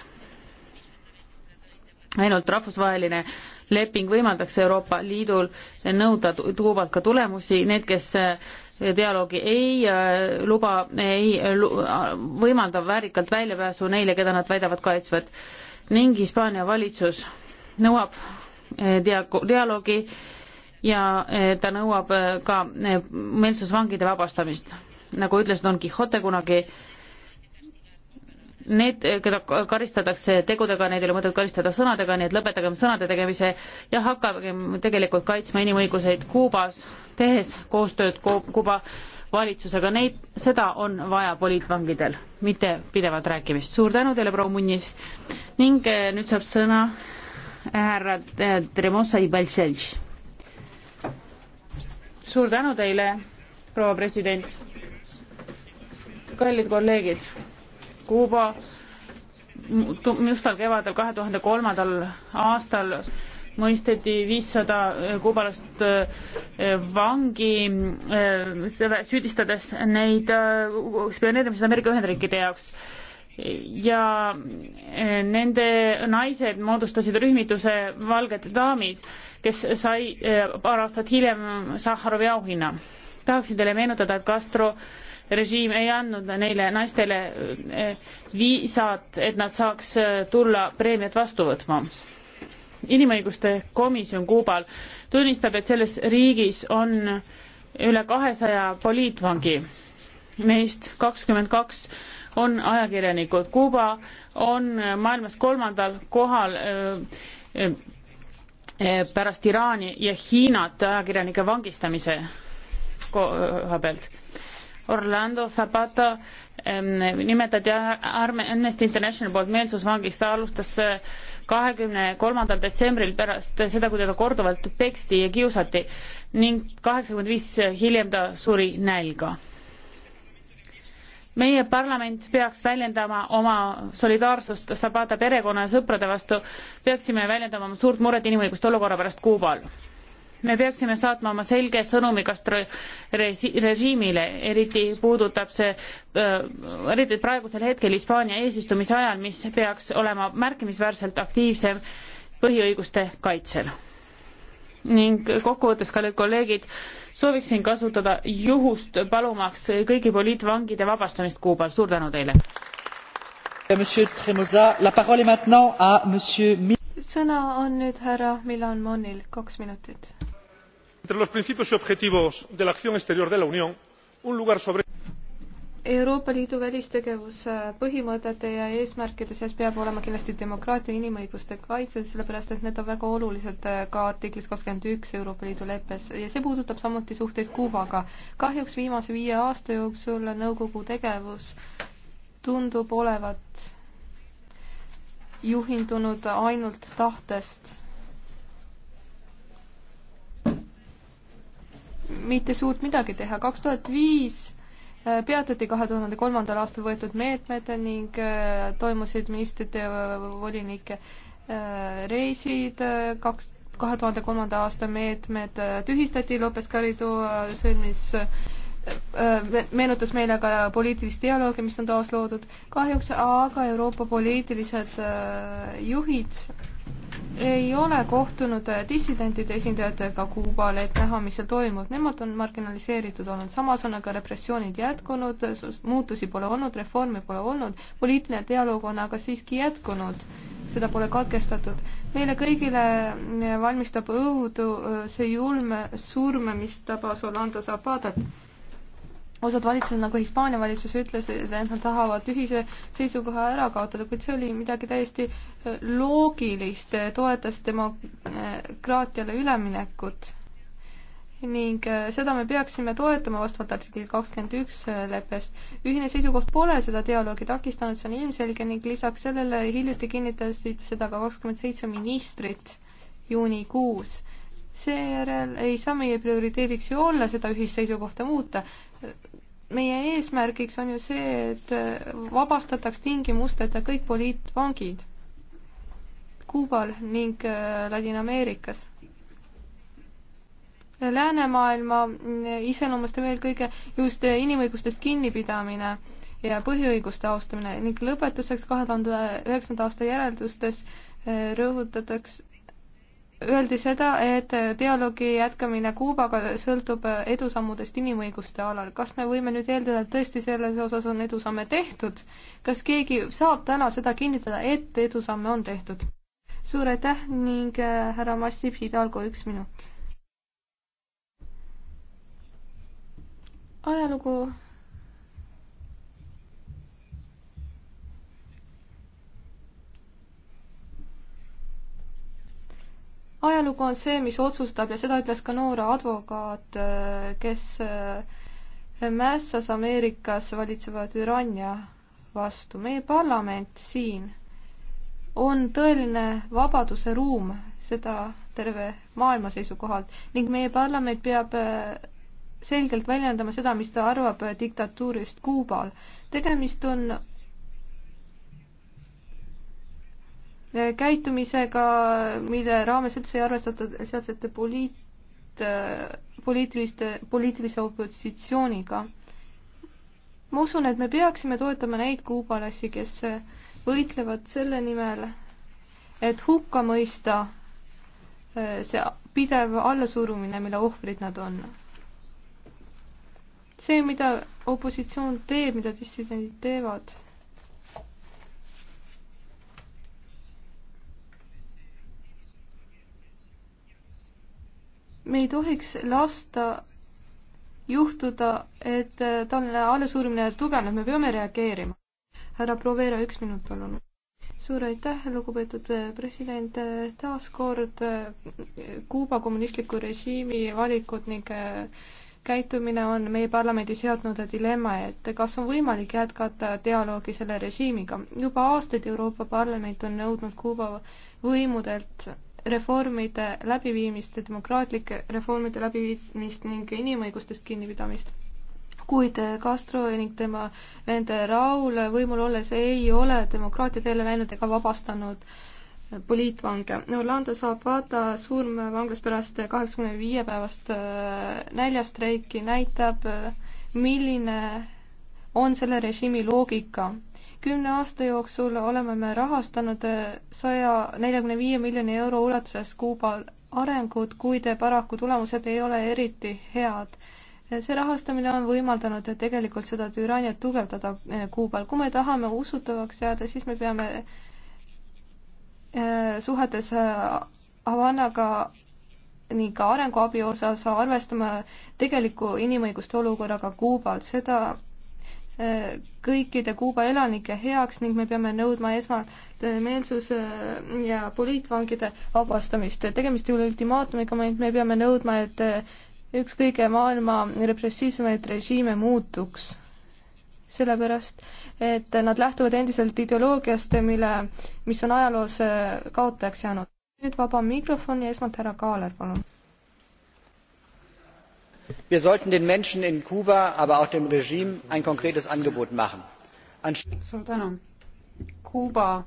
ainult rahvusvaheline leping võimaldaks Euroopa Liidul nõuda tuuvalt ka tulemusi, need, kes dialoogi ei äh, luba, ei võimalda väärikalt väljapääsu neile, keda nad väidavad kaitsvat. ning Hispaania valitsus nõuab äh, dia-, dialoogi ja äh, ta nõuab ka meelsusvangide vabastamist. nagu ütles Don Quixote kunagi, need, keda karistatakse tegudega, neid ei ole mõtet karistada sõnadega, nii et lõpetagem sõnade tegemise ja hakkakem tegelikult kaitsma inimõiguseid Kuubas, tehes koostööd Kuuba valitsusega, neid, seda on vaja poliitvangidel, mitte pidevat rääkimist. suur tänu teile, proua Munnis ning eh, nüüd saab sõna eh, härra eh, Tremosa Ibalselš. suur tänu teile, proua president. kallid kolleegid, Kuuba mustal kevadel kahe tuhande kolmandal aastal mõisteti viissada eh, kuubalast eh, vangi, eh, süüdistades neid spioneerimises Ameerika Ühendriikide jaoks ja nende naised moodustasid rühmituse Valged daamid, kes sai paar aastat hiljem Sahharovi auhinna. tahaksin teile meenutada, et Castro režiim ei andnud neile naistele viisat, et nad saaks tulla preemiat vastu võtma inimõiguste komisjon Kuubal tunnistab, et selles riigis on üle kahesaja poliitvangi, neist kakskümmend kaks on ajakirjanikud. Kuuba on maailmas kolmandal kohal öö, pärast Iraani ja Hiinat ajakirjanike vangistamise koha pealt. Orlando Zapata nimetati Amnesty International poolt meelsusvangist, ta alustas kahekümne kolmandal detsembril pärast seda, kui teda korduvalt peksti ja kiusati ning kaheksakümmend viis hiljem ta suri nälga. meie parlament peaks väljendama oma solidaarsust Zapata perekonna ja sõprade vastu, peaksime väljendama oma suurt muret inimõiguste olukorra pärast Kuubal me peaksime saatma oma selge sõnumi kas režiimile, eriti puudutab see, äh, eriti praegusel hetkel Hispaania eesistumise ajal, mis peaks olema märkimisväärselt aktiivsem põhiõiguste kaitsel. ning kokkuvõttes, kallid kolleegid, sooviksin kasutada juhust palumaks kõigi poliitvangide vabastamist Kuubal, suur tänu teile! sõna on nüüd härra Milan Monil, kaks minutit entre los principios y objetivos de la acción exterior de la unión un lugar sobre Euroopa Liidu välistegevuse põhimõtete ja eesmärkide seas peab olema kindlasti demokraatia ja inimõiguste kaitse, sellepärast et need on väga olulised äh, ka artiklis kakskümmend üks Euroopa Liidu leppes ja see puudutab samuti suhteid Kuubaga. kahjuks viimase viie aasta jooksul nõukogu tegevus tundub olevat juhindunud ainult tahtest mitte suurt midagi teha. kaks tuhat viis äh, peatati kahe tuhande kolmandal aastal võetud meetmed ning äh, toimusid ministrite volinike äh, reisid, kaks, kahe tuhande kolmanda aasta meetmed tühistati, Lopez Garrido sõlmis Äh, meenutas meile ka poliitilist dialoogi, mis on taas loodud. kahjuks aga Euroopa poliitilised äh, juhid ei ole kohtunud äh, dissidentide esindajatega Kuubal, et näha, mis seal toimub. Nemad on marginaliseeritud olnud, samas on aga repressioonid jätkunud, muutusi pole olnud, reforme pole olnud, poliitiline dialoog on aga siiski jätkunud, seda pole katkestatud. meile kõigile valmistab õudu see julm surm, mis tabas Orlando Zapatat osad valitsused, nagu Hispaania valitsus, ütlesid, et nad tahavad ühise seisukoha ära kaotada, kuid see oli midagi täiesti äh, loogilist, äh, toetas demokraatiale üleminekut. ning äh, seda me peaksime toetama vastavalt artiklil kakskümmend üks leppest. ühine seisukoht pole seda dialoogi takistanud, see on ilmselge ning lisaks sellele hiljuti kinnitasid seda ka kakskümmend seitse ministrit juunikuus seejärel ei saa meie prioriteediks ju olla seda ühist seisukohta muuta, meie eesmärgiks on ju see, et vabastataks tingimusteta kõik poliitvangid Kuubal ning äh, Ladina-Ameerikas. läänemaailma äh, iseloomustab eelkõige just äh, inimõigustest kinnipidamine ja põhiõiguste austamine ning lõpetuseks kahe tuhande üheksanda aasta järeldustes rõhutatakse öeldi seda, et dialoogi jätkamine Kuubaga sõltub edusammudest inimõiguste alal. kas me võime nüüd eeldada, et tõesti selles osas on edusamme tehtud? kas keegi saab täna seda kinnitada, et edusamme on tehtud? suur aitäh ning äh, härra Massib Hidalgo, üks minut. ajalugu ajalugu on see, mis otsustab ja seda ütles ka noor advokaat, kes eh, mässas Ameerikas valitseva türannia vastu. meie parlament siin on tõeline vabaduse ruum, seda terve maailma seisukohalt ning meie parlament peab eh, selgelt väljendama seda, mis ta arvab eh, diktatuurist Kuubal. tegemist on käitumisega, mille raames üldse ei arvestata sealsete poliit, poliitiliste, poliitilise opositsiooniga. ma usun, et me peaksime toetama neid kuubalasi, kes võitlevad selle nimel, et hukka mõista eh, see pidev allasurumine, mille ohvrid nad on. see, mida opositsioon teeb, mida dissidendid teevad me ei tohiks lasta juhtuda, et talle allasuurimine tugevneb, me peame reageerima. härra Provera, üks minut, palun. suur aitäh, lugupeetud president, taas kord eh, Kuuba kommunistliku režiimi valikud ning eh, käitumine on meie parlamendi seadnud dilemma, et kas on võimalik jätkata dialoogi selle režiimiga. juba aastaid Euroopa Parlament on nõudnud Kuuba võimudelt reformide läbiviimist, demokraatlike reformide läbiviimist ning inimõigustest kinnipidamist. kuid Castro ning tema nende Raul võimul olles ei ole demokraatia teele läinud ega vabastanud poliitvange. Orlando Zapata surm vanglas pärast kaheksakümne viie päevast äh, näljastreiki näitab, milline on selle režiimi loogika kümne aasta jooksul oleme me rahastanud eh, saja neljakümne viie miljoni euro ulatuses Kuuba arengut, kuid paraku tulemused ei ole eriti head. Eh, see rahastamine on võimaldanud tegelikult seda türanniat tugevdada eh, Kuubal. kui me tahame usutavaks jääda, siis me peame suhetes Havanaga ning ka arenguabi osas arvestama tegeliku inimõiguste olukorraga Kuubal. seda kõikide Kuuba elanike heaks ning me peame nõudma esmalt meelsuse ja poliitvangide vabastamist. tegemist ei ole ultimaatumiga, vaid me peame nõudma, et üks kõige maailma repressiivsemaid režiime muutuks. sellepärast, et nad lähtuvad endiselt ideoloogiast, mille, mis on ajaloos kaotajaks jäänud. nüüd vaba mikrofon ja esmalt härra Kaaler, palun wir sollten den menschen in kuba aber auch dem regime ein konkretes angebot machen kuuba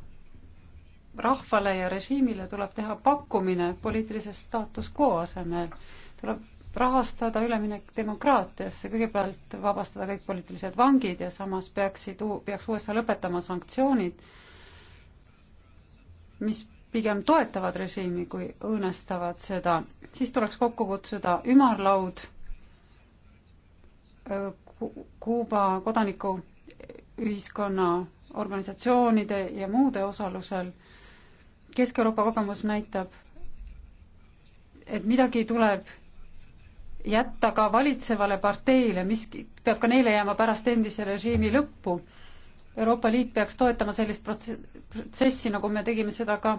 rahvale ja režiimile tuleb teha pakkumine poliitilise status quo asemel tuleb rahastada üleminek demokraatiasse, kõigepealt vabastada kõik poliitilised vangid ja samas peaksid, peaks USA lõpetama sanktsioonid, mis pigem toetavad režiimi kui õõnestavad seda, siis tuleks kokku kutsuda ümarlaud Kuuba kodanikuühiskonna organisatsioonide ja muude osalusel. Kesk-Euroopa kogemus näitab, et midagi tuleb jätta ka valitsevale parteile, mis peab ka neile jääma pärast endise režiimi lõppu. Euroopa Liit peaks toetama sellist protsessi, nagu me tegime seda ka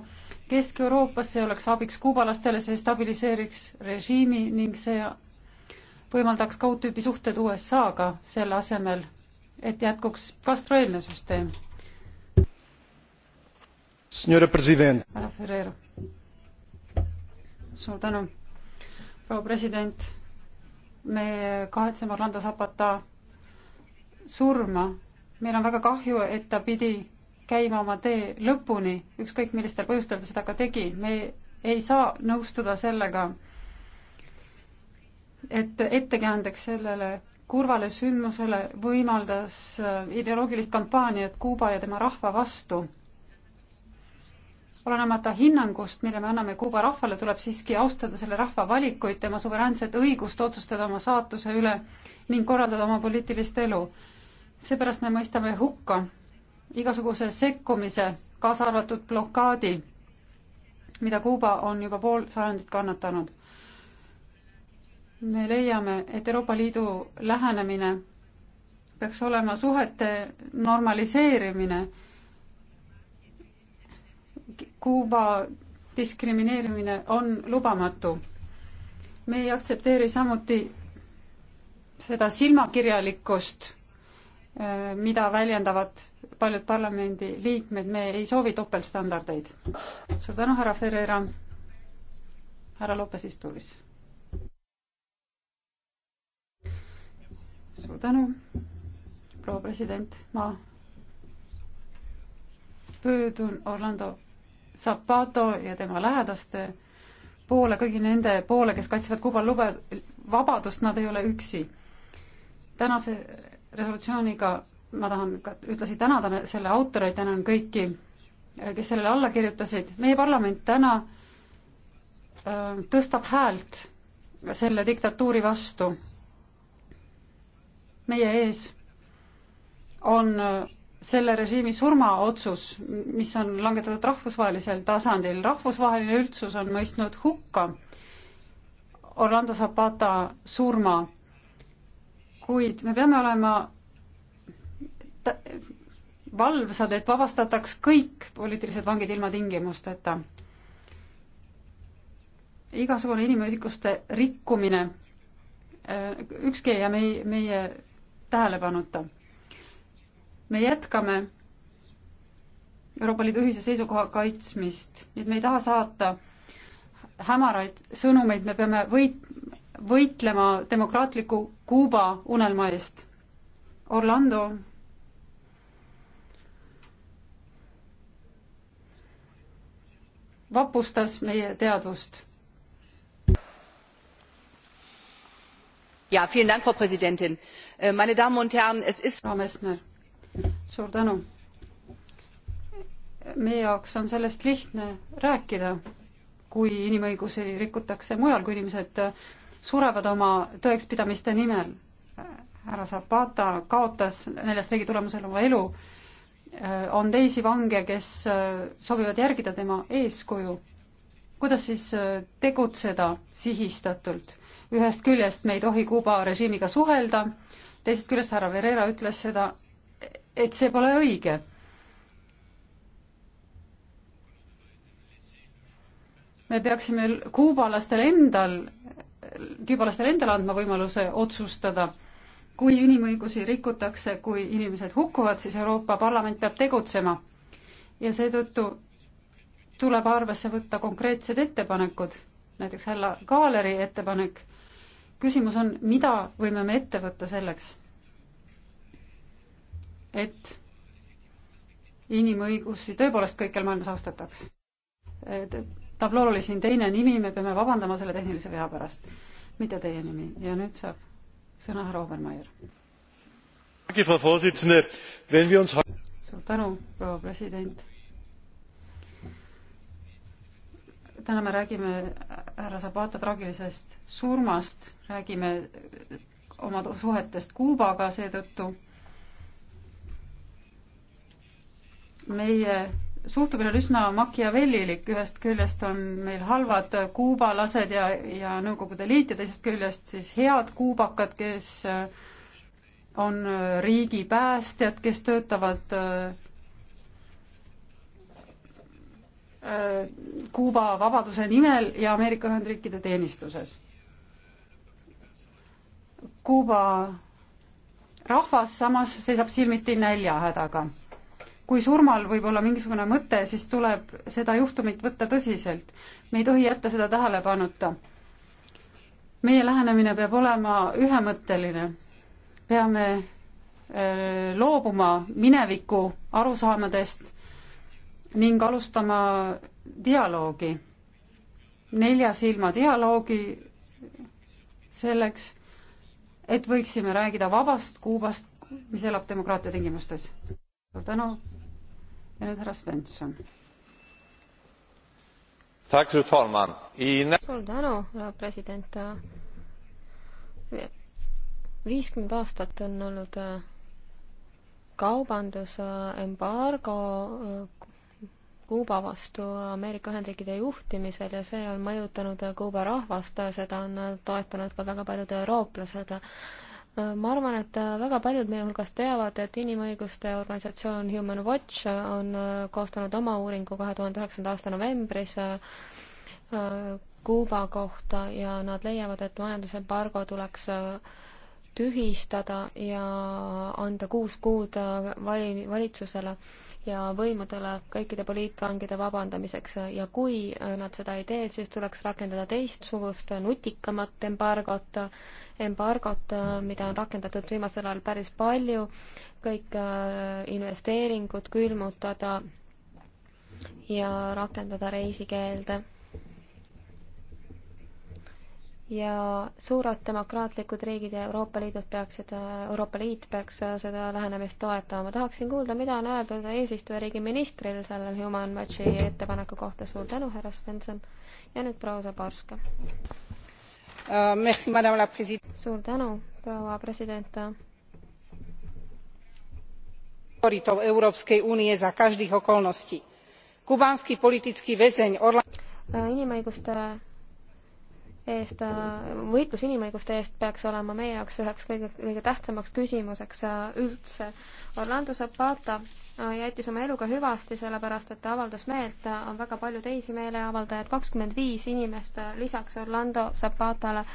Kesk-Euroopas, see oleks abiks kuubalastele, see stabiliseeriks režiimi ning see võimaldaks kaudtüübi suhted USA-ga selle asemel, et jätkuks Castro-eelne süsteem. härra Ferreira. suur tänu, proua president. me kahetseme Orlando Zapata surma. meil on väga kahju, et ta pidi käima oma tee lõpuni, ükskõik millistel põhjustel ta seda ka tegi. me ei saa nõustuda sellega, et ettekäändeks sellele kurvale sündmusele võimaldas äh, ideoloogilist kampaaniat Kuuba ja tema rahva vastu. olenemata hinnangust, mille me anname Kuuba rahvale, tuleb siiski austada selle rahva valikuid, tema suveräänset õigust otsustada oma saatuse üle ning korraldada oma poliitilist elu. seepärast me mõistame hukka igasuguse sekkumise, kaasa arvatud blokaadi, mida Kuuba on juba pool sajandit kannatanud me leiame, et Euroopa Liidu lähenemine peaks olema suhete normaliseerimine. Kuuba diskrimineerimine on lubamatu. me ei aktsepteeri samuti seda silmakirjalikkust, äh, mida väljendavad paljud parlamendiliikmed, me ei soovi topeltstandardeid. suur tänu, härra Ferreira. härra Lopes istulis suur tänu, proua president, ma pöördun Orlando Zapato ja tema lähedaste poole, kõigi nende poole, kes kaitsevad Kuubal lube, vabadust, nad ei ole üksi. tänase resolutsiooniga ma tahan ka, ühtlasi tänada selle autoreid, tänan kõiki, kes sellele alla kirjutasid, meie parlament täna äh, tõstab häält selle diktatuuri vastu meie ees on äh, selle režiimi surmaotsus, mis on langetatud rahvusvahelisel tasandil. rahvusvaheline üldsus on mõistnud hukka Orlando Zapata surma, kuid me peame olema valvsad, et vabastataks kõik poliitilised vangid ilma tingimusteta. igasugune inimõiguste rikkumine, äh, ükski ja meie, meie tähelepanuta. me jätkame Euroopa Liidu ühise seisukoha kaitsmist, nii et me ei taha saata hämaraid sõnumeid, me peame võit-, võitlema demokraatliku Kuuba unelma eest. Orlando vapustas meie teadvust Ja, Dank, frau präsidentin äh, meine damen und herren! es ist meie jaoks on sellest lihtne rääkida kui inimõigusi rikutakse mujal kui inimesed äh, surevad oma tõekspidamiste nimel härra zapata kaotas neljast riigi tulemusel oma elu äh, on teisi vange kes soovivad järgida tema eeskuju kuidas siis tegutseda sihistatult ühest küljest me ei tohi Kuuba režiimiga suhelda, teisest küljest härra Verera ütles seda, et see pole õige. me peaksime kuubalastel endal, kuubalastel endal andma võimaluse otsustada, kui inimõigusi rikutakse, kui inimesed hukkuvad, siis Euroopa Parlament peab tegutsema. ja seetõttu tuleb arvesse võtta konkreetsed ettepanekud, näiteks härra Kaaleri ettepanek küsimus on, mida võime me ette võtta selleks, et inimõigusi tõepoolest kõikjal maailmas austataks. tablool oli siin teine nimi, me peame vabandama selle tehnilise vea pärast, mitte teie nimi ja nüüd saab sõna härra Obermeier. suur tänu, proua president täna me räägime härra Zapata traagilisest surmast, räägime oma suhetest Kuubaga seetõttu. meie suhtumine on üsna makiavellilik, ühest küljest on meil halvad kuubalased ja, ja Nõukogude Liit ja teisest küljest siis head kuubakad, kes äh, on äh, riigi päästjad, kes töötavad äh, Kuuba vabaduse nimel ja Ameerika Ühendriikide teenistuses. Kuuba rahvas samas seisab silmiti näljahädaga. kui surmal võib olla mingisugune mõte, siis tuleb seda juhtumit võtta tõsiselt. me ei tohi jätta seda tähelepanuta. meie lähenemine peab olema ühemõtteline. peame äh, loobuma mineviku arusaamadest ning alustama dialoogi, nelja silma dialoogi selleks, et võiksime rääkida vabast Kuubast, mis elab demokraatia tingimustes. suur tänu ja nüüd härra Svensson. suur tänu, härra president viiskümmend aastat on olnud äh, kaubandusembargo äh, äh, Kuuba vastu Ameerika Ühendriikide juhtimisel ja see on mõjutanud Kuuba rahvast, seda on toetanud ka väga paljud eurooplased. ma arvan, et väga paljud meie hulgast teavad, et inimõiguste organisatsioon Human Watch on koostanud oma uuringu kahe tuhande üheksanda aasta novembris äh, Kuuba kohta ja nad leiavad, et majandusembargo tuleks äh, tühistada ja anda kuus kuud äh, vali-, valitsusele ja võimudele kõikide poliitvangide vabandamiseks ja kui nad seda ei tee, siis tuleks rakendada teistsugust nutikamat embargot, embargot, mida on rakendatud viimasel ajal päris palju, kõik äh, investeeringud külmutada ja rakendada reisikeelde ja suured demokraatlikud riigid ja Euroopa Liidud peaksid, Euroopa Liit peaks seda lähenemist toetama. ma tahaksin kuulda, mida on öeldud eesistujariigi ministril selle Human Rights ettepaneku kohta. suur tänu, härra Svensson. ja nüüd proua Zaborska uh,. suur tänu, proua president. prioritov Európskej únie za každých okolností. kubánsky politický väzeň Orla- inimõiguste eest, äh, võitlus inimõiguste eest peaks olema meie jaoks üheks kõige, kõige tähtsamaks küsimuseks äh, üldse. Orlando Zapata äh, jättis oma eluga hüvasti, sellepärast et ta avaldas meelt, on väga palju teisi meeleavaldajaid, kakskümmend viis inimest lisaks Orlando Zapatale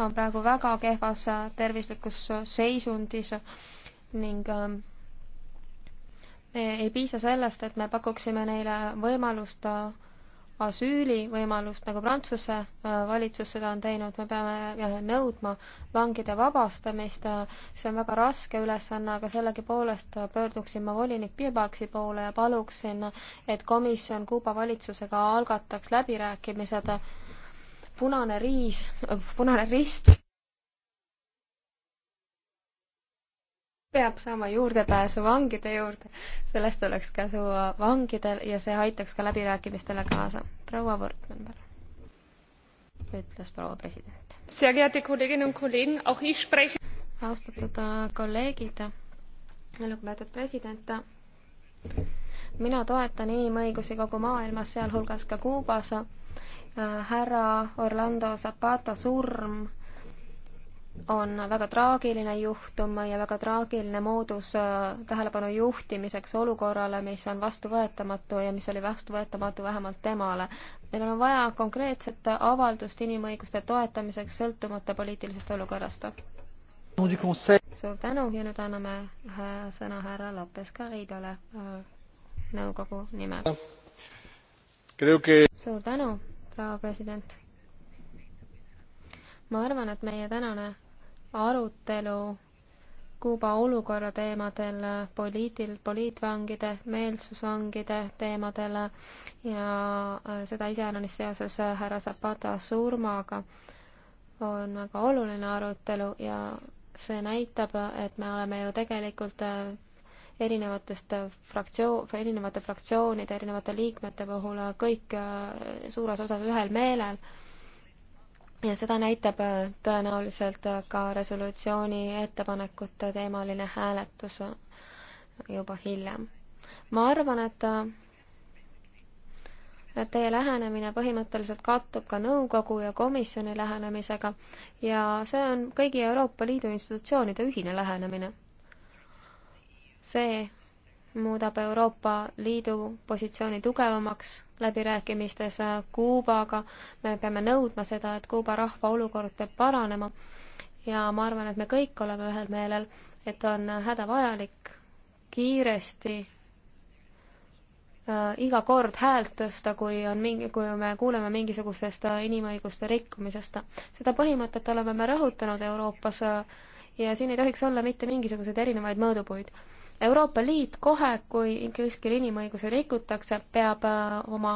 on praegu väga kehvas tervislikus seisundis ning ähm, ei piisa sellest, et me pakuksime neile võimalust asüülivõimalust, nagu Prantsuse äh, valitsus seda on teinud, me peame äh, nõudma vangide vabastamist, see on väga raske ülesanne, aga sellegipoolest pöörduksin ma volinik Piebalgsi poole ja paluksin, et komisjon Kuuba valitsusega algataks läbirääkimised punane riis, punane rist peab saama juurdepääsu vangide juurde, sellest oleks kasu vangidel ja see aitaks ka läbirääkimistele kaasa. proua Võrkmann, palun, ütles proua president. austatud äh, kolleegid, lugupeetud president, mina toetan inimõigusi kogu maailmas, sealhulgas ka Kuubas. Äh, härra Orlando Zapata surm on väga traagiline juhtum ja väga traagiline moodus äh, tähelepanu juhtimiseks olukorrale, mis on vastuvõetamatu ja mis oli vastuvõetamatu vähemalt temale. meil on vaja konkreetset avaldust inimõiguste toetamiseks sõltumata poliitilisest olukorrast. suur tänu ja nüüd anname äh, sõna härra Lopes Garridole äh, nõukogu nimel. suur tänu, proua president ma arvan, et meie tänane arutelu Kuuba olukorra teemadel, poliitil, poliitvangide, meelsusvangide teemadel ja äh, seda iseäranis seoses härra Zapata surmaga on väga oluline arutelu ja see näitab, et me oleme ju tegelikult äh, erinevatest fraktsioon, erinevate fraktsioonide, erinevate liikmete puhul kõik äh, suures osas ühel meelel ja seda näitab äh, tõenäoliselt äh, ka resolutsiooni ettepanekute teemaline hääletus äh, juba hiljem. ma arvan, et et teie lähenemine põhimõtteliselt kattub ka nõukogu ja komisjoni lähenemisega ja see on kõigi Euroopa Liidu institutsioonide ühine lähenemine. see muudab Euroopa Liidu positsiooni tugevamaks läbirääkimistes Kuubaga. me peame nõudma seda, et Kuuba rahva olukord peab paranema ja ma arvan, et me kõik oleme ühel meelel, et on hädavajalik kiiresti äh, iga kord häält tõsta, kui on mingi, kui me kuuleme mingisugusest äh, inimõiguste rikkumisest. seda põhimõtet oleme me rõhutanud Euroopas äh, ja siin ei tohiks olla mitte mingisuguseid erinevaid mõõdupuid Euroopa Liit kohe, kui kuskil inimõigusi rikutakse, peab äh, oma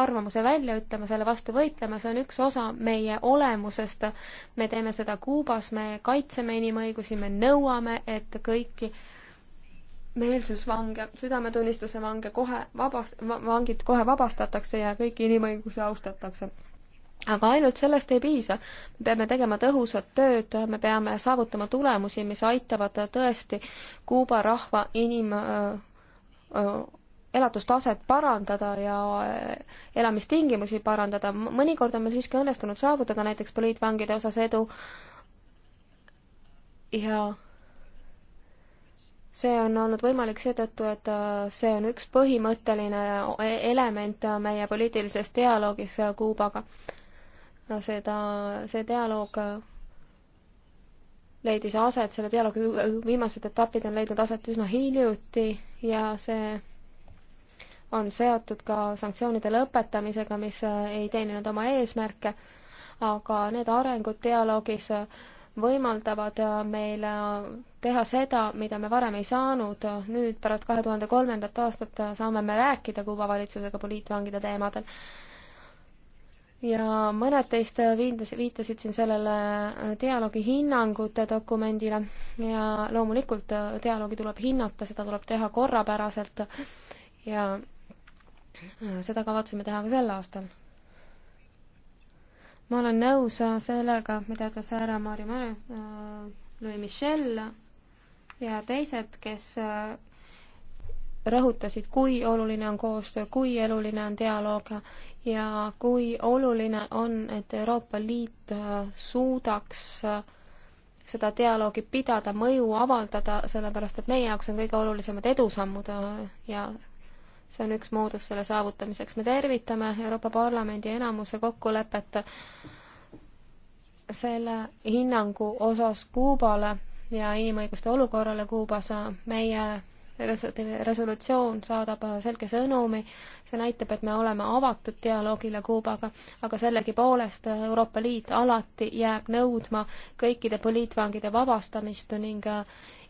arvamuse välja ütlema, selle vastu võitlema, see on üks osa meie olemusest. me teeme seda Kuubas, me kaitseme inimõigusi, me nõuame, et kõiki meelsusvange, südametunnistuse vange kohe vabast- va,, vangid kohe vabastatakse ja kõiki inimõigusi austatakse aga ainult sellest ei piisa. me peame tegema tõhusat tööd, me peame saavutama tulemusi, mis aitavad tõesti Kuuba rahva inim- äh,, elatustaset parandada ja äh, elamistingimusi parandada. mõnikord on meil siiski õnnestunud saavutada näiteks poliitvangide osas edu ja see on olnud võimalik seetõttu, et äh, see on üks põhimõtteline e-, element meie poliitilises dialoogis äh, Kuubaga seda, see dialoog leidis aset, selle dialoogi viimased etapid on leidnud aset üsna hiljuti ja see on seotud ka sanktsioonide lõpetamisega, mis äh, ei teeninud oma eesmärke, aga need arengud dialoogis äh, võimaldavad äh, meile teha seda, mida me varem ei saanud, nüüd pärast kahe tuhande kolmandat aastat saame me rääkida Kuuba valitsusega poliitvangide teemadel ja mõned teist viitas, viitasid siin sellele äh, dialoogi hinnangute dokumendile ja loomulikult äh, dialoogi tuleb hinnata, seda tuleb teha korrapäraselt ja äh, seda kavatseme teha ka sel aastal. ma olen nõus sellega, mida ütles härra Maarja Mare, Louis Michel ja teised, kes rõhutasid, kui oluline on koostöö, kui eluline on dialoog ja kui oluline on, et Euroopa Liit äh, suudaks äh, seda dialoogi pidada, mõju avaldada, sellepärast et meie jaoks on kõige olulisemad edusammud äh, ja see on üks moodus selle saavutamiseks. me tervitame Euroopa Parlamendi enamuse kokkulepet selle hinnangu osas Kuubale ja inimõiguste olukorrale Kuubas. meie resolutsioon saadab selge sõnumi, see näitab, et me oleme avatud dialoogile Kuubaga, aga sellegipoolest Euroopa Liit alati jääb nõudma kõikide poliitvangide vabastamist ning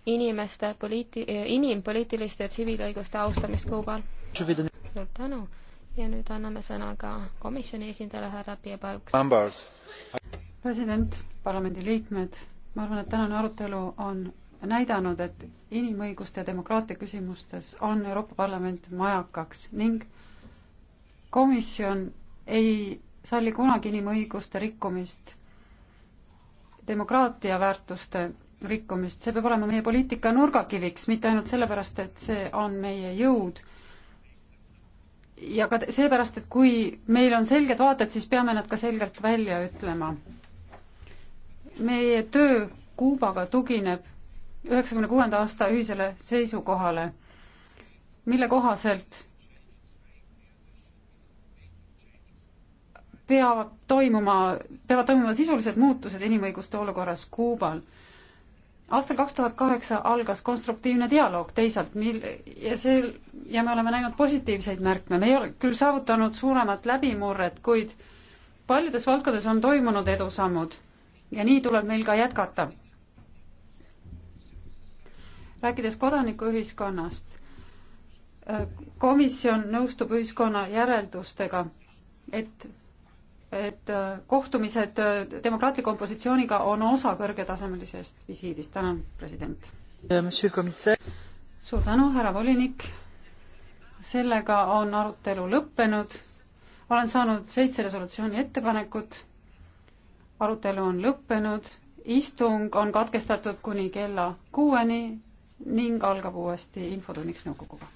inimeste poliiti-, inimpoliitiliste ja tsiviilõiguste austamist Kuubal. suur tänu ja nüüd anname sõna ka komisjoni esindajale härra Piebalgs. president, parlamendi liikmed, ma arvan, et tänane arutelu on näidanud, et inimõiguste ja demokraatia küsimustes on Euroopa Parlament majakaks ning komisjon ei salli kunagi inimõiguste rikkumist, demokraatia väärtuste rikkumist, see peab olema meie poliitika nurgakiviks, mitte ainult sellepärast, et see on meie jõud, ja ka seepärast, et kui meil on selged vaated, siis peame nad ka selgelt välja ütlema. meie töö Kuubaga tugineb üheksakümne kuuenda aasta ühisele seisukohale, mille kohaselt peavad toimuma, peavad toimuma sisulised muutused inimõiguste olukorras Kuubal. aastal kaks tuhat kaheksa algas konstruktiivne dialoog teisalt, mil- ja see, ja me oleme näinud positiivseid märkme, me ei ole küll saavutanud suuremat läbimurret, kuid paljudes valdkondades on toimunud edusammud ja nii tuleb meil ka jätkata rääkides kodanikuühiskonnast, äh, komisjon nõustub ühiskonna järeldustega, et, et äh, kohtumised äh, demokraatliku opositsiooniga on osa kõrgetasemelisest visiidist. tänan, president. suur tänu, härra volinik. sellega on arutelu lõppenud. olen saanud seitse resolutsiooni ettepanekut. arutelu on lõppenud istung on katkestatud kuni kella kuueni ning algab uuesti infotunniks nõukoguga.